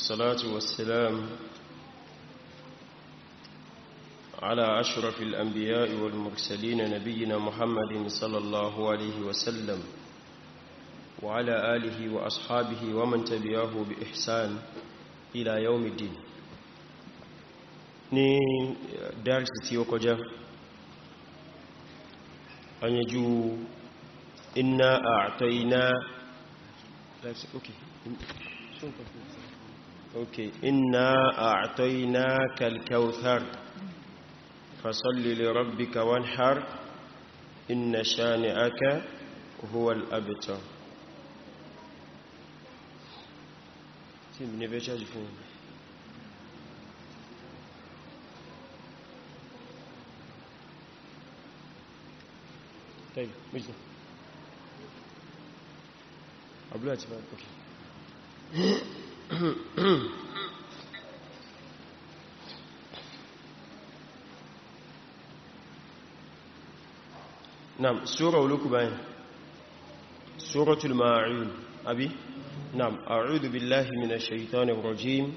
والصلاة والسلام على أشرف الأنبياء والمرسلين نبينا محمد صلى الله عليه وسلم وعلى آله وأصحابه ومن تبعه بإحسان إلى يوم الدين ni dáàrìsì tí أن يجو إنا أعطينا iná أوكي أوكي إنا أعطيناك الكوثر فصل لربك وانحر إن شانئك هو الأبتر تبني بيشاج فيه طيب مجد قبلها تبقى أوكي نعم سورة ولوك باين سورة الماعون أبي نعم أعوذ بالله من الشيطان الرجيم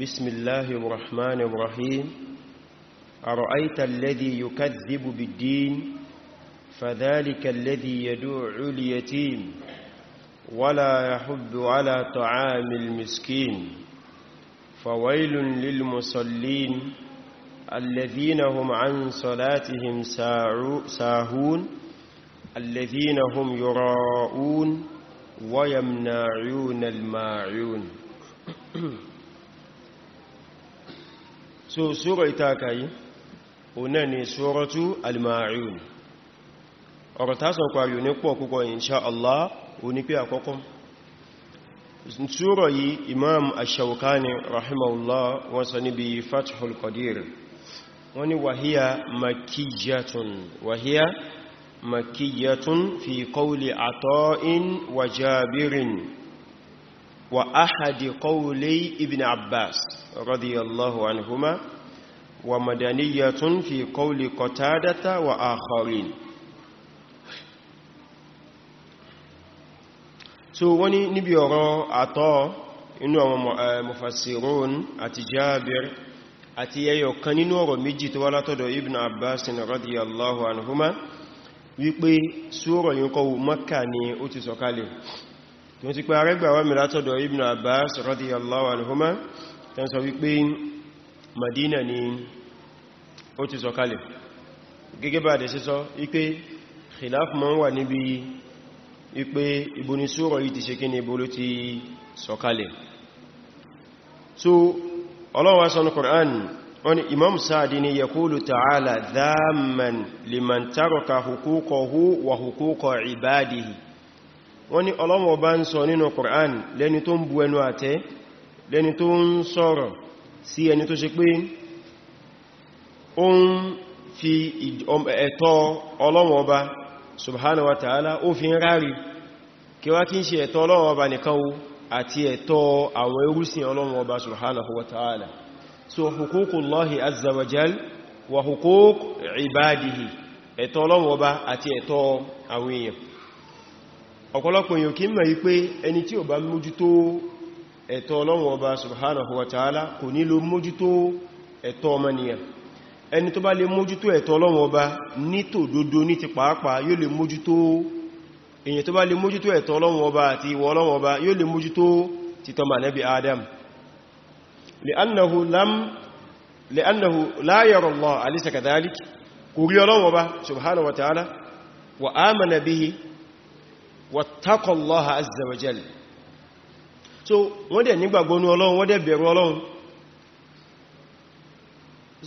بسم الله الرحمن الرحيم أرأيت الذي يكذب بالدين فذلك الذي يدعو اليتيم ولا يحض على طعام المسكين فويل للمصلين الذين هم عن صلاتهم ساهون الذين هم يراءون ويمنعون الماعون so sura itaka yi الماعون. ni suratu al إن شاء الله ó ní pé àkọ́kọ́ sura yìí imam ash-Shawkani rahimahullah wọ́n sọ níbi Fathul Qadir wọ́n ní wàhíyà makiyatun wàhíyà makiyatun fi qawli Ata'in wa Jabirin wa ahadi qawli ibn Abbas radiyallahu anhuma wa madaniyatun fi qawli Qatadata wa akharin so wọ́n ní níbi ọ̀rọ̀ àtọ̀ inú àwọn eh, mufassirun àti Jabir àti ẹyọ kan nínú ọ̀rọ̀ méjì tó wá látọ̀dọ̀ Ibn Abbas radiyallahu anhuma wípé sóòrọ̀ yíò kọwù Makkah ni ó ti sọ̀kalẹ̀ tí ti pẹ́ arẹ́gbàwà mi látọ̀dọ̀ Ibn Abbas radiyallahu anhuma tán sọ wípé Madina ni ó ti sọ̀kalẹ̀ gẹ́gẹ́ bá dẹ̀ sí sọ wípé khilaf ma ń wà níbi wípé ibo ni súrọ̀ yìí ti ṣe kí ni ibo ló ti sọ̀kalẹ̀ so Ọlọ́run wá sọ ní Qur'an wọ́n imam sáàdì ni yakulu ta'ala dhamman liman taraka hukukahu wa hukuka ibadihi wọ́n ni Ọlọ́run ọba ń sọ nínú Qur'an lẹ́ni tó ń bu ẹnu àtẹ́ lẹ́ni tó ń sọ̀rọ̀ sí ẹni tó ṣe pé ó ń fi ẹ̀tọ́ Ọlọ́run ọba subhanahu wa ta'ala ó fi ń rárí kí wá kí ń ṣe ẹ̀tọ́ ọlọ́run ọba nìkan o àti ẹ̀tọ́ àwọn ẹrúsìn ọlọ́run ọba subhanahu wa ta'ala so hukukullahi azza wa jal wa hukuk ibadihi ẹ̀tọ́ ọlọ́run ọba àti ẹ̀tọ́ àwọn èèyàn ọ̀pọ̀lọpọ̀ èèyàn kí mọ̀ wípé ẹni subhanahu wa ta'ala kò ní lo mójútó ẹni tó bá lè mójútó ẹ̀tọ́ ọlọ́run ọba ní tòdodo ní ti pàápàá yóò lè mójútó èyàn tó bá lè mójútó ẹ̀tọ́ ọlọ́run ọba àti ìwọ ọlọ́run ọba yóò lè mójútó títọ́ mànẹ́bí adam li'annahu lam li'annahu la yara kò rí ọlọ́run ọba so wọ́n dẹ̀ nígbàgbọ́nú ọlọ́run wọ́n dẹ̀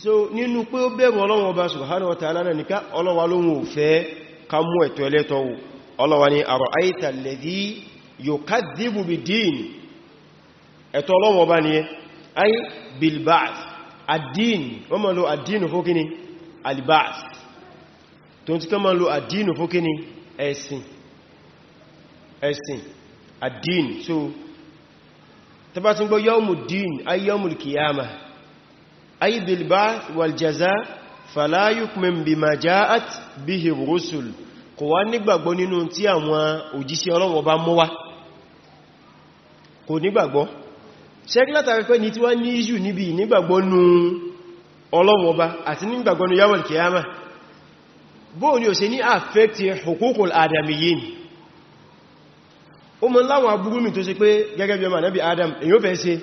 so nínú pé ó bẹ̀rù ọlọ́run ọba subhanahu wa ta'ala nìká ọlọ́wà lóhun ò fẹ́ ká mú ẹ̀tọ́ ẹlẹ́tọ́ wò ọlọ́wà ni ara'aita alladhi yukadhibu bid-din ẹ̀tọ́ ọlọ́run ọba ni ay bil-ba'th ad-din wọ́n ma lo ad-din fún kíni al-ba'th tó ti kán ma lo ad-din fún kíni ẹ̀sìn ẹ̀sìn ad-din so tàbátí gbọ́ yawmud-din ay yawmul أي بالبعث والجزاء فلا يؤمن بما جاءت به الرسل kò wá nígbàgbọ́ nínú tí àwọn òjíṣẹ́ ọlọ́wọ̀ bá mú wá kò nígbàgbọ́ ṣẹ́gílátà rẹ̀ ní tí wá ní ìṣù níbi nígbàgbọ́ nú ọlọ́wọ̀ bá àti nígbàgbọ́ nú yawal kiyama bóò ni ò ṣe ní affect hukukul adamiyin ó mọ́ láwọn abúrúmi tó ṣe pé gẹ́gẹ́ bí ọmọ ànábì adam èyí ó fẹ́ ṣe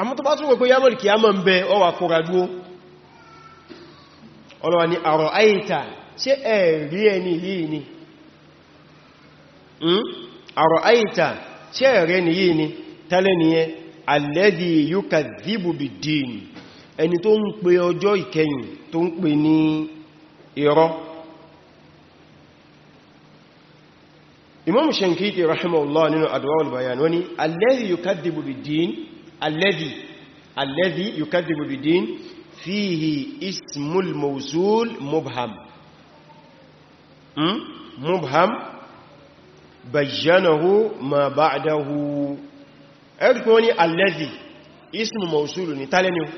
àmọ́ tó bá tún wọ́n pé yámọ̀lì kìí yámọ̀ ń bẹ ọwà kóra dúó ọlọ́wà ni àrọ̀ àyíta ṣe ẹ̀rí ẹni yìí ni àrọ̀ hmm? àyíta ṣe ẹ̀rí ẹni yìí ni tẹ́lẹ̀ nìyẹn alẹ́dì yúkà dìbò bì dìn ẹni tó ń pe ọjọ́ ìkẹyìn tó ń pe ní irọ́ imam shankiti rahimahullah nínú الذي الذي يكذب بالدين فيه اسم الموصول مبهم مبهم بجانه ما بعده اركوني الذي اسم موصول نتالني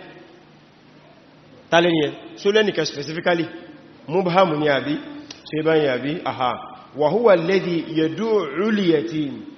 تالني سولني كسبيسيفيكالي مبهم يا ابي سيبان يا ابي اها وهو الذي يدعو اليتيم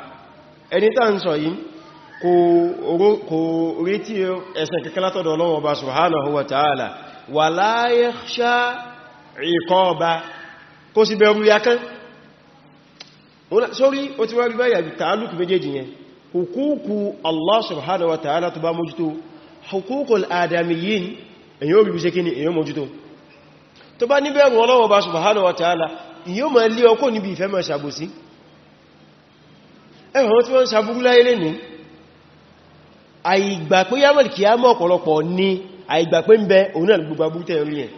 ẹni tá ń sọ yìí kò retí ẹ̀sẹ̀ kankan látọ̀dọ̀ Ọlọ́run Ọba subhanahu wa ta'ala wala yakhsha iqaba kó sì bẹ̀rù ya kán sórí ó ti wá rí báyà tààlùkù méjèèjì yẹn hukuku Allah subhanahu wa tó bá mójútó ẹ̀wọ̀n tí wọ́n sàbúrú láyé lè ní àìgbà pé yàmọ̀ kí á mọ́ ọ̀pọ̀lọpọ̀ ní àìgbà pé ń bẹ òun náà gbogbo abúrútẹ̀ orí ẹ̀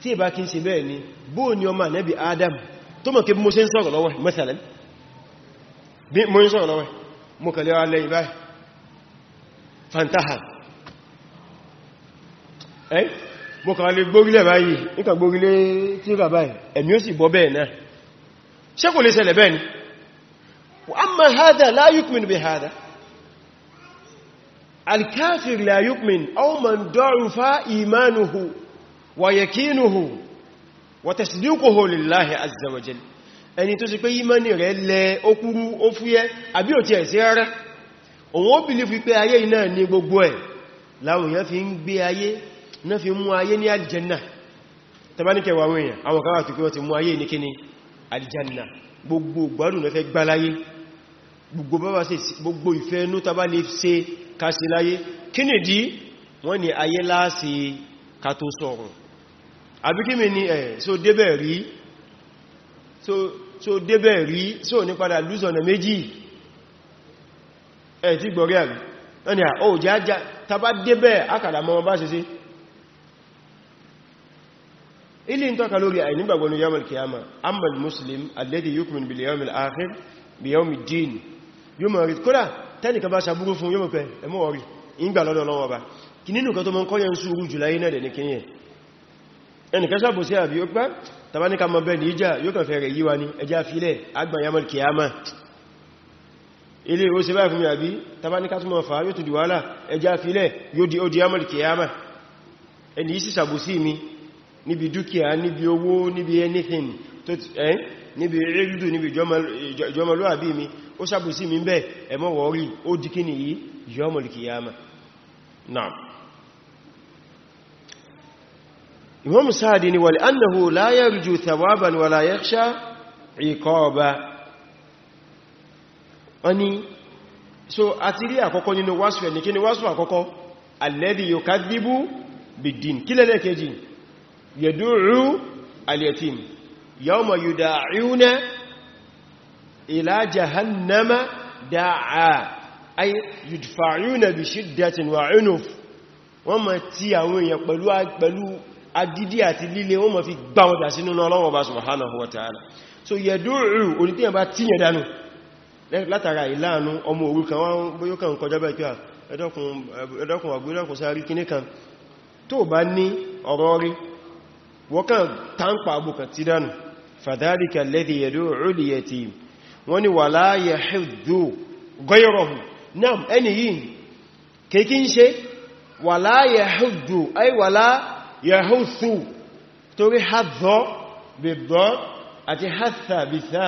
tí ìbá kí ni bó ní ọmọ ànẹ́bì Adam tó mọ̀ kí mo ṣe ń sọ̀rọ̀ lọ́wọ́ mẹ́sàlẹ̀ bí mo ń sọ̀rọ̀ lọ́wọ́ mo kẹ̀lẹ́ alẹ́ ìbá fantaha ẹ́ mo kàn lè gbórílẹ̀ báyìí níkà bẹ́ẹ̀ ni وأما هذا لا يؤمن بهذا الكافر لا يؤمن أو من ضعف إيمانه ويقينه وتصديقه لله عز وجل ẹni tó sì pé ìmánì rẹ̀ lẹ okúrú ó fúyẹ́ àbí ò ti ẹ̀ sí rárá òun ó bìlì fi pé ayé iná ní gbogbo ẹ̀ láwọn èèyàn fi ń gbé ayé náà fi mú ayé ní aljanna tàbáníkẹ̀ èèyàn àwọn kan wà tó pé wọ́n ti mú ayé ní kíní aljanna gbogbo gbádùn lọ́fẹ́ gbáláyé gbogbo bá se, gbogbo ìfẹ́ inú tàbá lè ṣe kásí láyé kí ni dí wọ́n ni ayé láàṣì ká tó sọ̀rọ̀ àbí kí mi ni ẹ̀ so débẹ̀ rí so débẹ̀ so ní padà lúsọ̀nà méjì ẹ̀ tí gbọ̀rẹ́ àrí wọ́n ni à ó jájá tàbá débẹ̀ ákàlà mọ́ bá ṣe sí ilé ń tọ́ka lórí àìnígbàgbọ́nú yamal muslim alladhi yu'minu bil yawmil akhir bi yawmid din yóò mọ̀ rí kódà tẹ́nìkan bá ṣàbúrú fún yóò mọ̀ pé ẹmọ́ ọ̀rí ìgbà lọ́dọ̀ lọ́wọ́ bá kì nínú kan tó mọ́ kọ́ yẹn sùúrù jùlá iná dẹ̀ ní kíyẹn ẹnìkan ṣàbò sí àbí ó pẹ́ tàbáníkà mọ̀ bẹ́ẹ̀ ní ìjà yóò kàn fẹ́rẹ̀ yíwa ní ẹjá filẹ̀ agbàyàmọ̀lì kìyàmà ilé ó ṣe báyìí fún mi àbí tàbáníkà tó mọ̀ fà yóò tó di wàhálà ẹjá filẹ̀ yóò di odiyàmọ̀lì kìyàmà ẹni yìí sì ṣàbò sí mi níbi dúkìá níbi owó níbi anything níbi rídù mi ó ṣàbòsí mi bẹ́ ẹmọ́ wọ́rí ó di kíni yìí yawmul qiyamah náà Imam Sa'di ni wal annahu la yarju thawaban wa la yakhsha iqaba ọni so a ti rí àkọ́kọ́ nínú wáṣù ẹ̀ ní kí ni wáṣù àkọ́kọ́ alladhi إلى جهنم da'a أي يدفعون بشدة وعنف وما 'unuf wọ́n ma ti àwọn وما في pẹ̀lú agídí àti líle wọ́n ma so yad'u oni tiyan ba tiyan dànù látara ìlànà ọmọ òru kan wọ́n boyo kan kọjá bá kíá edokun edokun agbira ko sari kini kan tó bá ní ọ̀rọ̀ rí wọ́n kan tanpa abukan ti dànù fadhalika alladhi yad'u wọ́n ni wà láyé hìdó gọ́yọ̀rọ̀hù náà ẹni yìí kèkí ń ṣe wà láyé hìdó ay wà láyé hìdó torí hàzọ́ bìbọ́ àti hàzà bìsá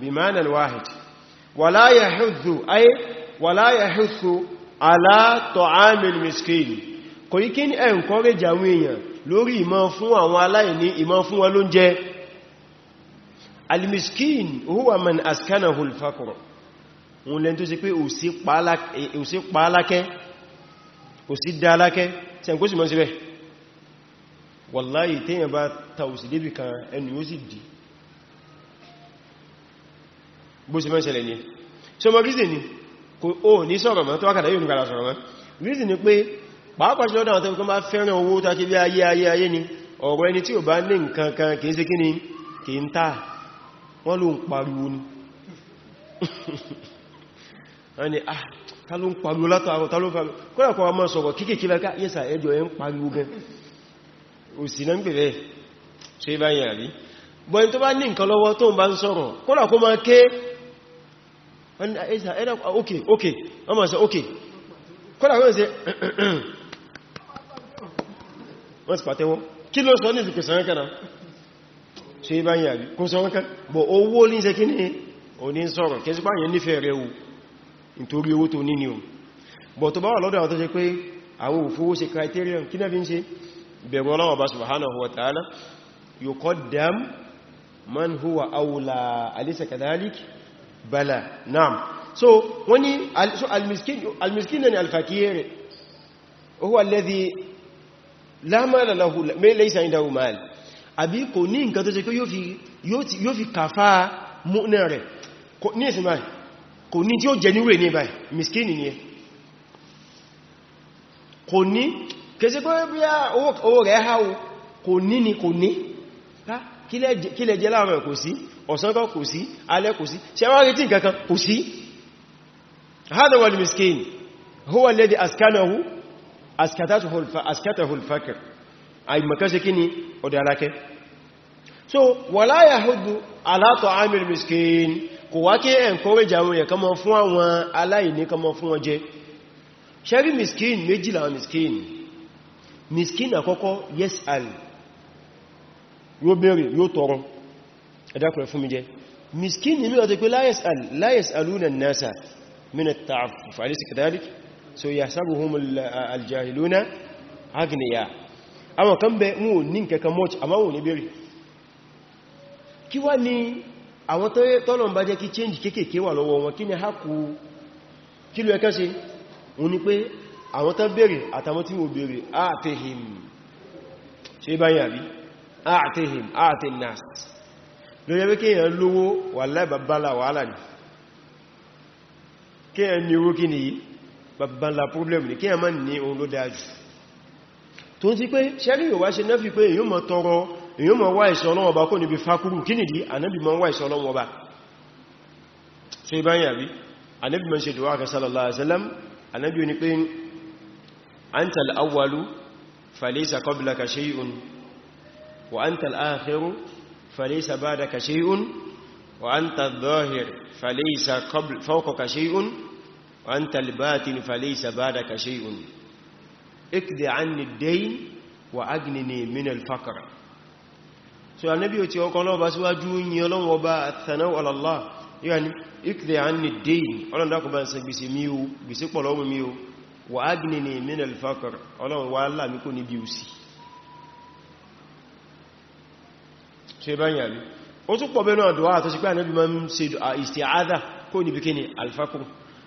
bí mánàl wáhid wà láyé hìdó ay wà láyé hìdó alátọ̀ ámìl miskini kò yí almiskin huwa man askanahu alfaqr wọ́n lẹ́n tó ṣe pé ò sí pàálákẹ́ ò sí dálákẹ́ tí a kó sì mọ́ síbẹ̀ wallahi téèyàn bá ta ò sí débì kan ẹnu yóò sì dì bó sì mọ́sẹ̀lẹ̀ ní ṣe mọ́ gíṣì ni kò ó ní sọ̀rọ̀ mọ́ tó wákàtà yóò nígbàrà sọ̀rọ̀ mọ́ gíṣì ni pé pàápàá sí lọ́dọ̀ àwọn tẹ́mù kan bá fẹ́ràn owó tàbí ayé ni ọ̀rọ̀ ẹni tí ò bá ni kìí wọ́n ló ń pariwo ni ẹni ah ta ló ń pariwo látàrọ ta ló ń pariwo kọ́nà kọ́ ọmọ sọ̀rọ̀ kíkèkí lẹ́ká yẹ́sà ẹjọ́ ẹ ń pariwo gan òsì náà ń pè ṣe bá yẹ̀ àrí bọ́n tó bá ní nǹkan lọ́wọ́ tó ń bá ń sọ̀rọ̀ kọ́nà ṣe bá yà rí kó sọ́rọ̀ kan bọ̀ owó ní ṣe kí ní òní sọ̀rọ̀ kẹsí bá yẹn nífẹ̀ẹ́ rẹ̀ o nítorí owó tó ní ni o bọ̀ tó bá wà lọ́dọ̀ àwọn tó ṣe pé àwọn òfowó ṣe criterion kí náà fi ń ṣe bẹ̀rù àbí kò ní nǹkan tó ṣe pé yóò fi kàfà múnà rẹ̀ ní ìsinmi kò ní tí ó jẹ níwé ní báyìí miskini ni ẹ kò ní kèsí pé bí á owó rẹ̀ háwó kò ní ni kò ní kílẹ̀ jẹ láàrin kò sí ọ̀sán kò sí alẹ́ kò sí ṣẹwárí tí nǹkankan kò àìmọ̀kánṣe kí ni ọdẹ alákẹ́ so wala yahuddu ala ta'amil miskin kò wá kí encourage àwọn èèyàn kọmọ fún àwọn aláìní kọmọ fún wọn jẹ ṣẹ́rí miskin méjìlá miskin miskin àkọ́kọ́ yes al yóò béèrè yóò tọrọ ẹ̀dàkùnrin fún mi jẹ miskin ni míràn tó pé la yas'aluna an-nasa min at-ta'affuf alaysa kadhalik so yahsabuhum al-jahiluna aghniya àwọn kan bẹ wọn ò ní nǹkankan much àmọ́ wọn ò ní bèèrè kí wá ní àwọn tọ́lọ̀n bá jẹ́ kí change kéèkéé wà lọ́wọ́ wọn kí ni ha kú kí ló ẹkẹ́ sí wọn ni pé àwọn tán bèèrè àtàwọn tí wọ́n bèèrè àtẹ́hìm ṣe bá yàrí àtẹ́hìm àtẹ́nàs ni kí ni babbala ni kí èyàn má ní ohun ló dájú tó ń ti pé ṣẹ́rí yóò wá ṣe náà fi pé èyí mọ̀ tọrọ èyí mọ̀ wá ìṣọ́ ọlọ́wọ̀ bá kó níbi fákúrù kí nìdí ànábì mọ̀ wá ìṣọ́ ọlọ́wọ̀ bá ṣe ibá yà ànábì mọ̀ ṣe dùwà ka sallallahu wa antal akhiru falaysa ba'daka shay'un ba'daka shay'un ikde anni dain wa agnini min al-faqr so ànábì ó ti oko lo ba síwájú yin Ọlọ́hun Ọba thanau ala Allah yani ikde anni dain Ọlọ́hun da ko ba ṣe gbèsè mi o gbèsè pọ̀ lọ́wọ́ mi o wa agnini min al-faqr Ọlọ́hun wa la mi kò ní bí òṣì ṣe bá yàrí ó tún pọ̀ bẹ́ẹ̀ náà dùwà tó ṣe pé ànábì máa ń ṣe isti'adha kó níbi kí al-faqr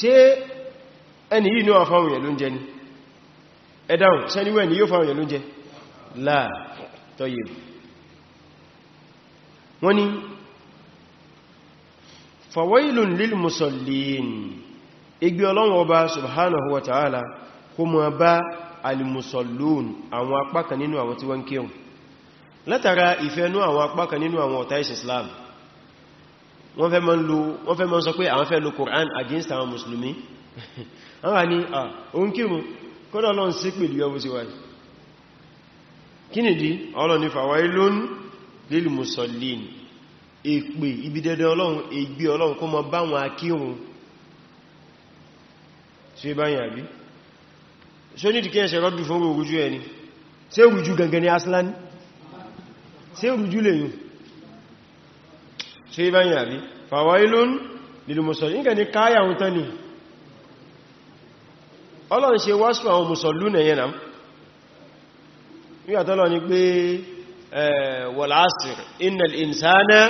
ṣe ẹni yìí ní wọ́n fáwọn èèyàn ló ń jẹ ni ẹ̀dáhùn sẹ́niwẹ̀ ni yóò fáwọn èèyàn ló ń jẹ láà tọ́yẹ̀ wọ́n ni fawailun lil musallin igbe ọlọ́run ọba subhanahu wa ta'ala kó mọ́ bá alimusallun àwọn apákan nínú àwọn tí wọ́n kéhùn látara ìfẹ́nú àwọn apákan nínú àwọn ọ̀tá ìsìn islam wọ́n fẹ́ mọ́ sọ pé àwọn fẹ́ lo Qur'an against àwọn Mùsùlùmí wọ́n wà ní ohun ah, kírun kọ́dọ̀ lọ́n sí pẹ̀lú ọmọ sí wáyé kí nìdí ọlọ́ni fawailun lil musallin èpè ibi dẹ́dẹ́ ọlọ́run ègbé ọlọ́run kó mọ bá wọn akírun ṣe báyìí àbí ṣe ní dìkẹ́ ẹ̀ṣẹ̀ rọ́dù fún orújú ẹni ṣe rújú gangan ni aslan ṣe rújú lèyìn ṣe báyìí àbí fawailun lil musallin nǹkan ní káyà ohun tán ni ọlọ́run ṣe wáṣù àwọn musallun ẹ̀yẹn náà nígbàtọ́lọ́ ni pé wal asr innal insana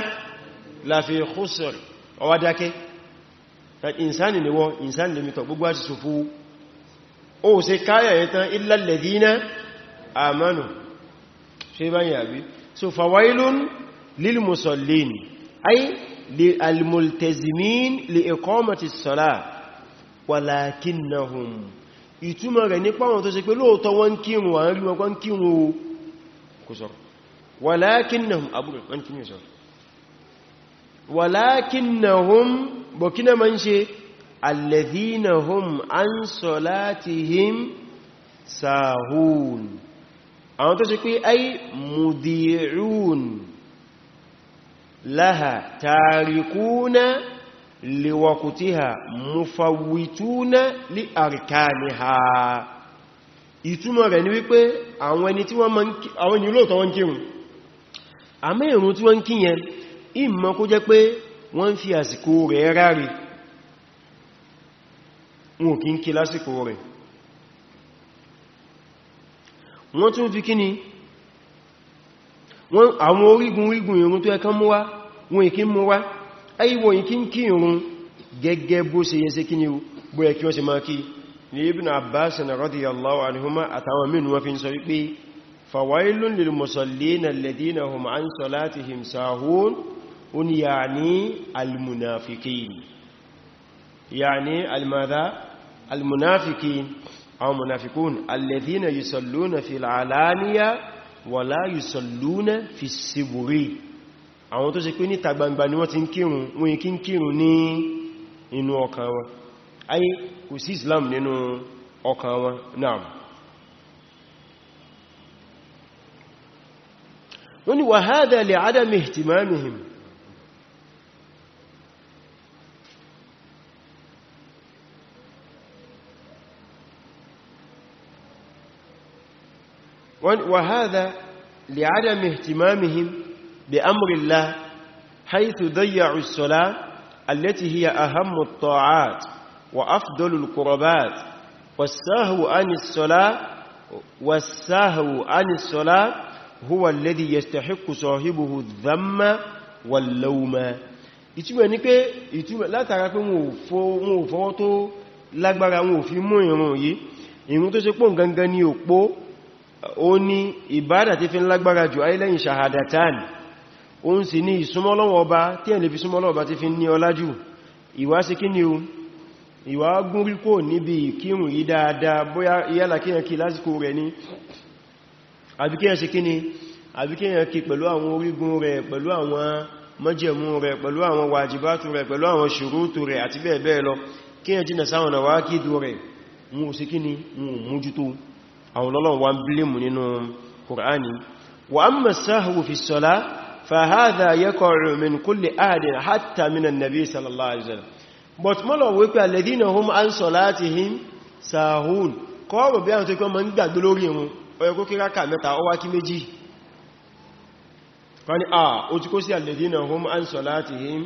lafi khusr ọwá dákẹ́ ìnsáni ni wọ́n ìnsáni lè mítọ̀ gbogbo àti sòfò ó ṣe káyà yẹn tán illa alladhina amanu ṣe báyìí àbí so fawailun lil musallin أي للملتزمين لإقامة الصلاة ولكنهم ìtumọ̀ rẹ̀ nípa wọn tó ṣe pé lóòtọ́ wọ́n kírun wọ́n rí wọ́n kírun o kò sọ̀rọ̀ walakinnahum abúrùn wọ́n kírun sọ̀rọ̀ walakinnahum bọ̀kínà ma ń ṣe alladhinahum an salatihim sahun àwọn tó ṣe pé ay mudirun لها تاركون لوقتها مفوتون لأركانها ìtumọ̀ rẹ̀ ni wípé àwọn ẹni tí wọ́n máa ń kí àwọn ènìyàn lóòtọ́ wọ́n kírun àmẹ́ ìrun tí wọ́n kí yẹn ìmọ̀ kó jẹ́ pé wọ́n fi àsìkò rẹ̀ ráre wọn kí ń kí lásìkò rẹ̀ wọ́n tún fi kí ni wọn àwọn orígun orígun ìrun tó ẹkan mú wá wọn ìkí mú wá ayíwọ̀ ìkí ń kí ìrun gẹ́gẹ́ bó ṣe yẹn ṣe kí ni ó bó ẹ kí wọ́n ṣe máa kí ní Ibn Abbas radiyallahu anhuma àtàwọn wala yusalluna fi siburi àwọn tó ṣe pé níta gbangba ni wọ́n ti ń kírun wọ́n kí ń kírun ní inú ọkàn wọn ayé kò sí Islam nínú ọkàn wọn náà wọ́n ni wa hadha li adami ihtimamihim وهذا لعدم اهتمامهم بأمر الله حيث ضيعوا الصلاة التي هي أهم الطاعات وأفضل القربات والسهو عن الصلاة والسهو عن الصلاة هو الذي يستحق صاحبه الذم واللوم ìtumọ̀ ní يعني pé ìtumọ̀ látara pé wọn ò fọwọ́ tó lágbára wọn ò fi mú ìrun yìí ìrun tó ṣe pọ̀ gangan ní òpó ó ní ìbádà tí fi ń lágbára jù ayílẹ́yìn ṣàhàdàtàn ó ń sì ní ìsúnmọ́lọ́wọ́ ọba tí ẹ̀lẹ́ fi súnmọ́lọ́wọ́ ọba ti fi ní ọlá jù ìwá sí kíni o ìwá gún ríkò níbi ìkírùn yí dáadáa bóyá yálà kíyàn kí lásìkò rẹ̀ ní àbíkíyàn sí kíni àbíkíyàn kí pẹ̀lú àwọn orígun rẹ̀ pẹ̀lú àwọn májẹ̀mú rẹ̀ pẹ̀lú àwọn wàjìbátù rẹ̀ pẹ̀lú àwọn ọlọ́run wa ń blímù nínú kùránì wa amma sahwu fi sọ́lá fàhádà yaqa'u min kulli ahadin hatta minan nabi sallallahu alaihi wasallam but mọ́lọ̀ wípé alladhina hum an salatihim sahun kọ́ọ̀rọ̀ bí àwọn tó kọ́ mọ́ ń gbàgbé lórí wọn ọyọ kó kíra kà mẹ́ta ọwá kí méjì wọ́n ni a ah, ó ti kó sí alladhina hum an salatihim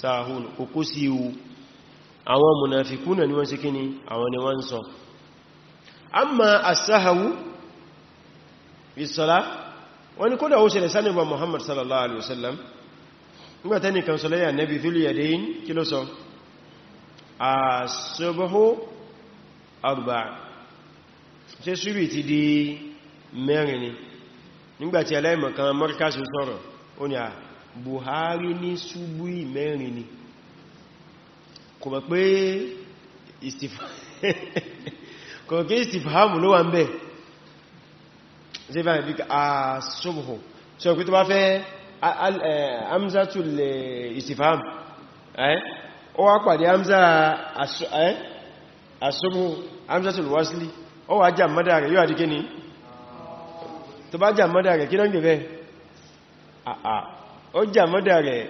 sahun kò kó sí iwu àwọn munafikuna ni wọ́n sí kíni àwọn ni wọ́n sọ amma as-sahawu fi salat wani kódà ó ṣẹlẹ̀ sani wa muhammad sallallahu alaihi wasallam nígbà tani kan sọlẹ́yà nabi dhul yadayn kí ló sọ as-subhu arba'a ṣe ṣúbì ti di mẹ́rin ni nígbàtí aláìmọ̀kan mọ́ríkásí sọ̀rọ̀ ó ní à buhari ní ṣubú mẹ́rin ni kò mọ̀ pé istifa kọ̀kẹ́ istifhamu ló wà ń bẹ̀ zeba ibi asubhu so pé tó bá fẹ́ amzatul istifham ẹ́ ó wá pàdé amza asubhu amzatul wasli ó wá jà mọ́dá rẹ̀ yóò àdíké ni tó bá jà mọ́dá rẹ̀ kí lọ́n gẹ̀rẹ́ àà ó jà mọ́dá rẹ̀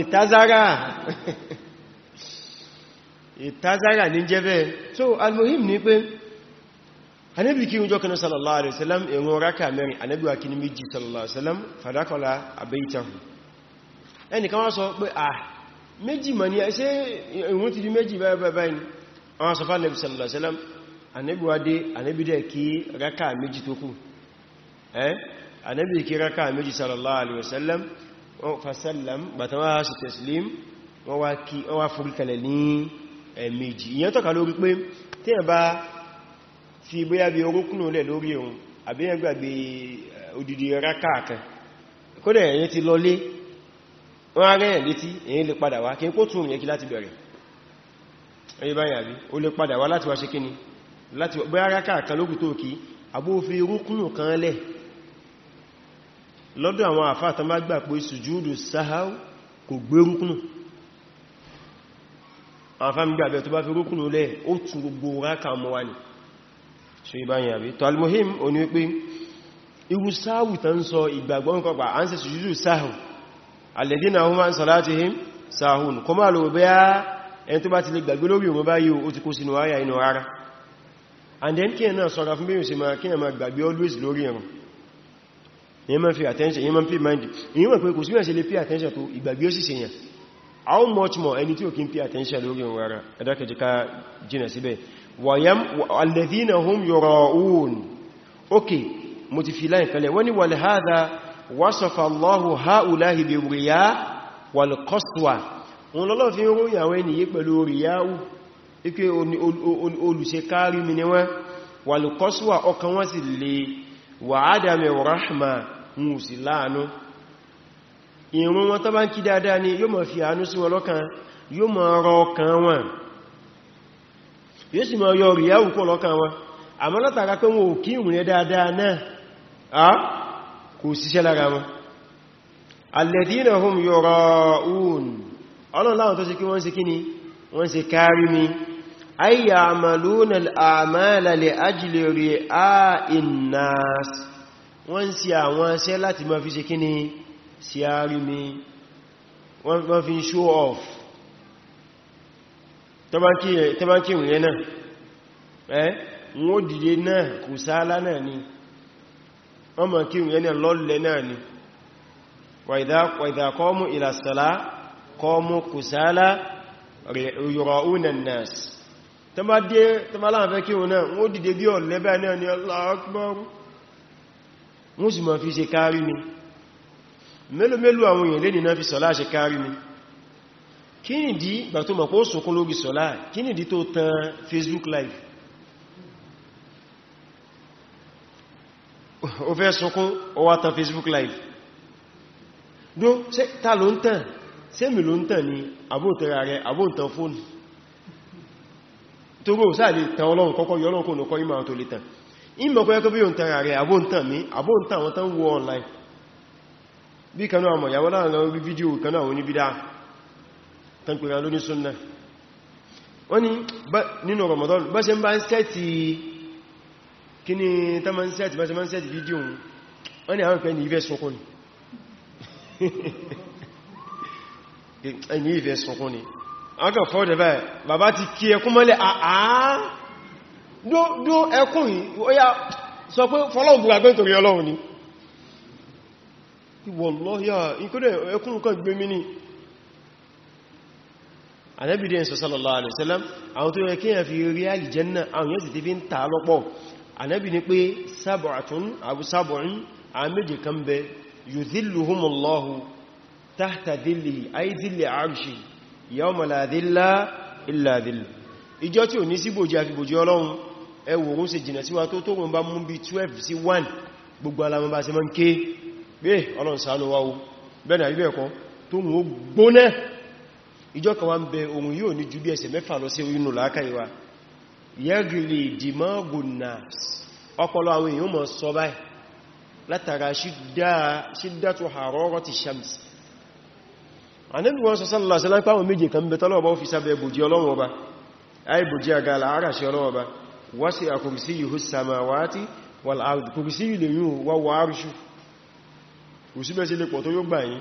ìtazara ìtazara ní jẹ́bẹ̀ so almuhim ni pé anábi kí oúnjọ́ kanáà sallallahu alaihi wasallam ìrún raka mẹ́rin anábi wa kìí méjì sallallahu alaihi wasallam fadakola abaitahu ẹni kan wá sọ pé ah méjì mọ̀ ní ẹsẹ́ ìrún ti di méjì báyìí wọ́n sọ fún anábi sallallahu alaihi wasallam anábi wa dé anábi dẹ̀ kí raka méjì tó kù eh anábi kí wọ́n fasallam bàtàwà su taslim wọ́n wá forí ní ẹ̀mejì ìyẹn tọ́ka lórí pé téèyàn bá fi bóyá bí orókùnù lẹ̀ lórí ohun àbíyàn gbàgbé eh, odidi rákàkàn kódẹ̀ ẹ̀yẹn ti lọlé wọ́n á rẹ̀yàn létí èyí lè padà wá kí n kó tún yẹn kí láti bẹ̀rẹ̀ ẹ̀yẹ báyìí àbí ó lè padà wá àfáàmìgbàbẹ̀ tó bá fi rúkùnù lẹ́ ó tún gbogbo ráka mọ́ wá ní ṣe ìbáyìn àbí tó o ní wípé irú sáàwù tán sọ ìgbàgbọ́n kọpa an sẹ sùjúdù sáàwù alladhina hum an salatihim sahun kọ máa lò bẹ́ ẹn tó bá ti lè gbàgbé lórí òun bá yíò ó ti kó sínú ayà attention ìyẹn máa mind ìyẹn mọ̀ pé kò sí attention tó ìgbàgbé ó sì how much more ẹni tí ó kí ń pay attention lórí ohun rárá ẹ̀dọ́kẹ̀jì ká jìnà síbẹ̀ wàyám alladhina hum yura'un ok mo ti fi láì kalẹ̀ wọ́n ni wal hadha wasafa Allahu ha'ulahi bi riya wal qaswa wọn lọ́lọ́ fi ròyìn àwọn ènìyàn pẹ̀lú ìrun wọn tó bá ń kí dáadáa ni yóò mọ̀ fi àánú sí wọn lọ́kàn yóò mọ̀ rọ ọkàn wọn yóò sì mọ̀ yọ ríyáwù kó lọ́kàn wọn àmọ́ látara pé wọn ò kí ìrun yẹn dáadáa náà kò síṣẹ́ lára wọn alladhina hum yura'un ọlọ́run láwọn tó sì kí wọ́n sì àwọn ṣẹ́ láti mọ́ fi ṣe kí ni sí àárí mi wọ́n fi ń show off tọ́bánkì rẹ̀ náà ẹ́ wọ́n dìde náà kò sáálá náà ni wọ́n mọ̀ kí rẹ̀ náà lọ́lẹ̀ náà ni wa idha qamu ila salah qamu kusala yura'una an-nas tọ́bádé tọ́báláàfẹ́ kí rẹ̀ náà wọ́n dìde bí ọ̀lẹ́bẹ̀ náà ni Allahu akbar wọ́n ni mélòmélò àwọn èèyàn lè ní náà fi sọ́lá ṣe kárí mi kí ni dí gbà tó mọ̀ pé ó sọkún lórí sọ́lá kí ni dí tó tan Facebook live ó fẹ́ sọkún ó wá tan Facebook live dó ṣe ta ló ń tàn ṣe mi ló ń tàn ní àbóǹtẹ̀rà rẹ àbóǹtàn fóònù tó rò sáà lè tan ọlọ́run kọ́kọ́ yọ ọlọ́run kò nù kọ́ ìmọ̀ àtò lè tàn ìmọ̀ pẹ́ kọ́ bí òǹtẹ̀rà rẹ àbóǹtàn mi àbóǹtàn àwọn tán wọ online bí kanú àmọ̀ ìyàwó láàrin orí fídíò kanú àwọn oníbídá tán pèrè lóní súnnà wọ́n ni nínú Ramadan bá ṣe ń bá ń sẹ́ẹ̀tì kí ni tán ma ń sẹ́ẹ̀tì bá ṣe ma ń sẹ́ẹ̀tì fídíò wọ́n ni àwọn pẹ̀lú ìfẹ́ sọkún ni ìfẹ́ sọkún ni ọkọ̀ fọ́dẹ̀ báyìí bàbá ti ìwọ̀lọ́yà ìkúrẹ̀ ẹkùn kan gbé mi ní anẹ́bìdẹ̀ ìsọ̀ sallallahu alaihi wasallam àwọn tó yẹ kí yẹn fi rí aljanna àwọn yẹ́ sì ti fi ń ta lọ́pọ̀ anẹ́bì ní pé sab'atun abu sab'un àmìjì kan bẹ yuzilluhumullahu tahta dhillihi ay dhilli arshi yawma la dhilla illa dhillu ìjọ tí ò ní 12 gbogbo alamọba sí mọ́ ń ké pé eh, ọlọ́run ṣàánú wa o bẹ́ẹ̀nà ibẹ̀ ẹ̀kọ́ tó mú gbóná ìjọ kan wá ń bẹ ohun yóò ní ju bí ẹsẹ̀ mẹ́fà lọ sí inú làákàíwá yẹ́gìlì dìmọ́gùnà ọpọlọ àwọn èèyàn mọ̀ sọ báyìí látara ṣídàtò àrọ́rọ́ ti shams anẹ́bí wọn sọ sallallahu alaihi wasallam pàwọn méje kan samawati wal ard kùrìsí ilẹ̀ kò sí bẹ́ẹ̀ sí lè pọ̀ tó yóò gbà yìí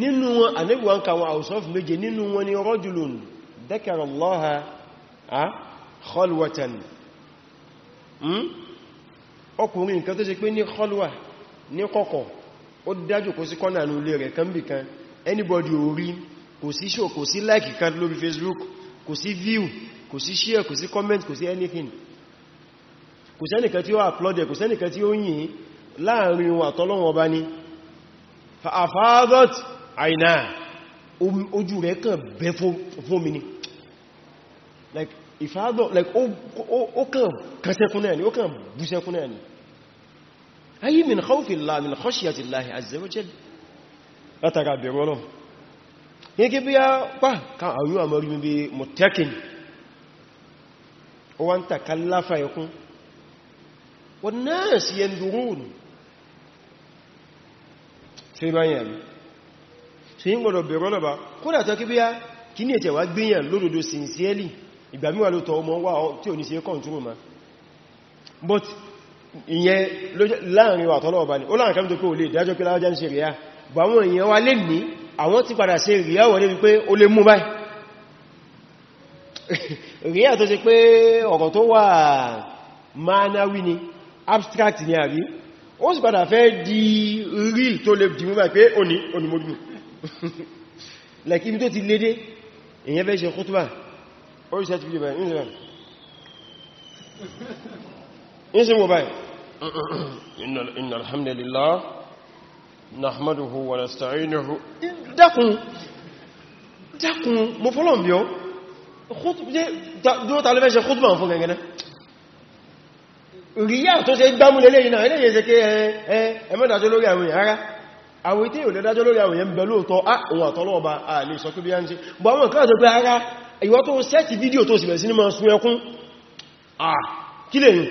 nínú wọn àníbùwà ń kàwọn àwùsọ́f méje nínú wọn ni rọ́jùlùn dẹ́kẹ̀rọ̀lọ́ha a kọlwatan hmm? ọkùnrin nǹkan tó ṣe pé ní kọlwà ní kọ́kọ́ ó dájú kò sí kọ́nà ilé rẹ̀ kan bí kan anybody orí kò sí show kò sí like kan lórí facebook kò sí view kò sí share kò sí comment kò sí anything kò sẹ́nìkan tí ó applaud kò sẹ́nìkan tí ó yìn láàrin wọn àtọ́lọ́wọ́ bá ní fa'afadot àìná ojú rẹ̀ kàn bẹ́ fún mi ni like ìfàádọ̀ like ó kàn kẹsẹkún náà ni ó kàn búsẹkún náà ni ayi min khawfillah min khashiyatillahi azza wa jalla látara bẹ̀rọ lọ yẹ́gẹ́ bí a pà kan àwọn àmọ́rí bí mọ̀tẹ́kìn ó wá tàkà láfà ẹkún wọ́n náà sí yẹn ṣe bá yẹn ṣe yí gbọdọ̀ bẹ̀rọ lọ́ba kódà tó kí bí á kí ní ètẹ̀wà gbìyàn lódodo sincerely ìgbàmíwà ló tọ ọmọ wà tí ò ní ṣe kọ́ntúrò ma but ìyẹn láàrin wà tọ́lọ́ ọba ni ó láàrin kẹ́mí tó pé ò lè dájọ́ pé láwájá ń ṣe ríá bà àwọn èèyàn wa lè ní àwọn ti padà ṣe ríá wọ́n ní pé ó lè mú báyìí ríá tó ṣe pé ọ̀rọ̀ tó wà mánáwí ni abstract ni àrí ó sì padà fẹ́ di real tó lè dìmú báyìí pé ó ní onímọ̀dúnmù like ibi tó ti lédé èyàn fẹ́ ṣe kútùbà ó rí sẹ́tìfì báyìí ní ìsìnwò ìsìnwò báyìí inna alhamdulillah nahmaduhu wa nasta'inuhu dákun dákun mo fọ́lọ̀ bí ó ríyà tó ṣe gbámúlélé iná eléyè ṣe ké ẹmọ́dájọ́ lórí àwọn èèyàn rárá àwọn ìtí ò lẹ́dájọ́ lórí àwọn èèyàn bẹ̀lú òtọ́ àwọn àtọ́lọ́ọba àlè sọ pé bí a ń ṣe bọ̀ àwọn ìkọ́ àjọpẹ́ ara ìwọ́ tó sẹ́ẹ̀tì fídíò tó sì bẹ̀ sí ní máa sun ẹkún àà kí lè yìn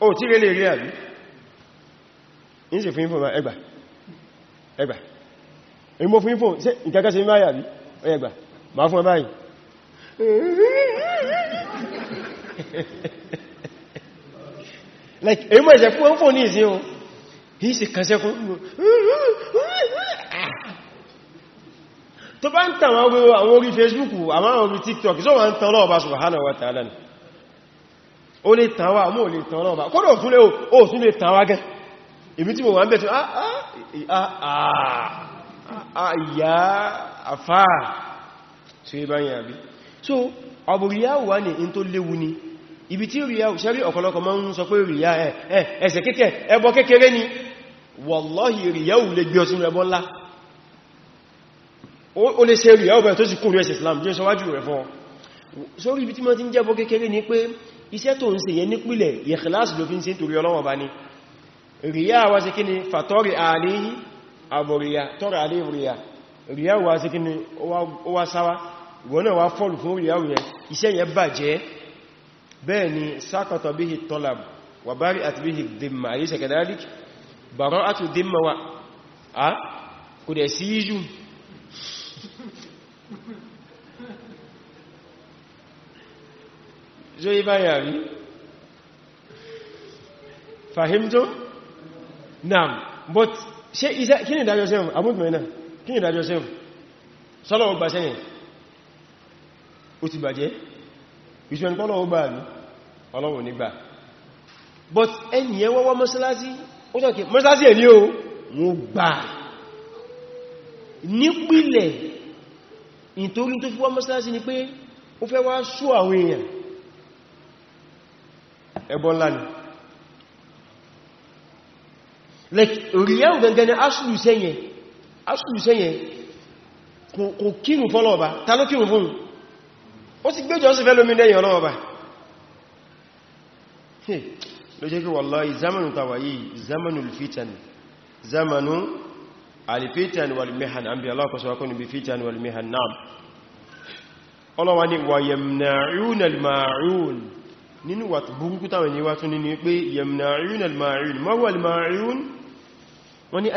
ó tí rẹ̀ lè like èyí mọ̀ ìṣẹ̀kú wọ́n fò ní ìsìn o yìí sì kàn sẹ́kún tó bá ń tàn àwọn orí Facebook àwọn orí TikTok so wọ́n tàn lọ́ọ̀bá subhanahu wa ta'ala ni ó lè tàn wá mú ò lè tàn lọ́ọ̀bá kódò òsún lè ó sún lè tàn gẹ́ èmi tí mo wà ń bẹ̀ tí àyà ah, ah, ah, àfáà tí ó so ọbùrìyà wà ní in ibi tí ríyà òṣèrí ọ̀pọ̀lọpọ̀ máa ń sọ pé ríyà ẹ̀ṣẹ̀ kékẹ̀ ẹbọ kékeré ni wallahi ríyà ò lè gbé ọsún ẹbọ ńlá ó lè ṣe ríyà ọbẹ̀ tó sì kúrò ẹ̀ṣẹ̀ Islam jẹ́ sọwájú rẹ̀ fún sórí ibi tí ma ti ń jẹ́bọ kékeré ni pé iṣẹ́ tó ń ṣe yẹn nípìlẹ̀ yẹ̀kìláàsì ló fi ń ṣe torí Ọlọ́run bá ní ríyà wá sí kíni fàtọ́rì bẹ́ẹ̀ ni sákọ̀tọ̀ bí i tọ́lab wà bárí àti bí i dìmà yìí ṣe kẹdàrík bàrán àti dìmà wà á kò dẹ̀ sí yíjú zo yi báyà rí fahimto naam but ṣe isa kí ni ìdájọ́ sẹ́wọ̀n abúntmẹ́ náà kí ni ìdájọ́ sẹ́wọ̀n sọ́lọ́wọ́ gbà sẹ́yìn ó ti bàjẹ́ ìṣẹ́ ìpọ́lọ́wọ́ gbà ní ọlọ́run nígbà but ẹniyẹ wọ́wọ́ mọ́sálásí ó tọ́kì mọ́sálásí ẹ̀ ní o wọ́n gbà nípìlẹ̀ ìtorí tó fi wá mọ́sálásí ni pé ó fẹ́ wá ṣó àwọn èèyàn ẹbọ ńlá ni ríyàwó gẹ́gẹ́ ni aṣùlù sẹ́yẹn kò kírùn fọ́lọ́ọ̀bá ta ló kírùn fún ó sì gbéjọ́ sí fẹ́ lómi lẹ́yìn ọlọ́ọ̀bá ló jẹ́ kí wallahi zamanu tawayi zamanu alfitan zamanu alfitan wal mihan an bi Allah ko sawakun bi fitan wal mihan na'am olawa ni wa yamna'un al ma'un nínú wa burúkú tawon ni wa tún nínú pé yamna'un al ma'un ma wal ma'un wani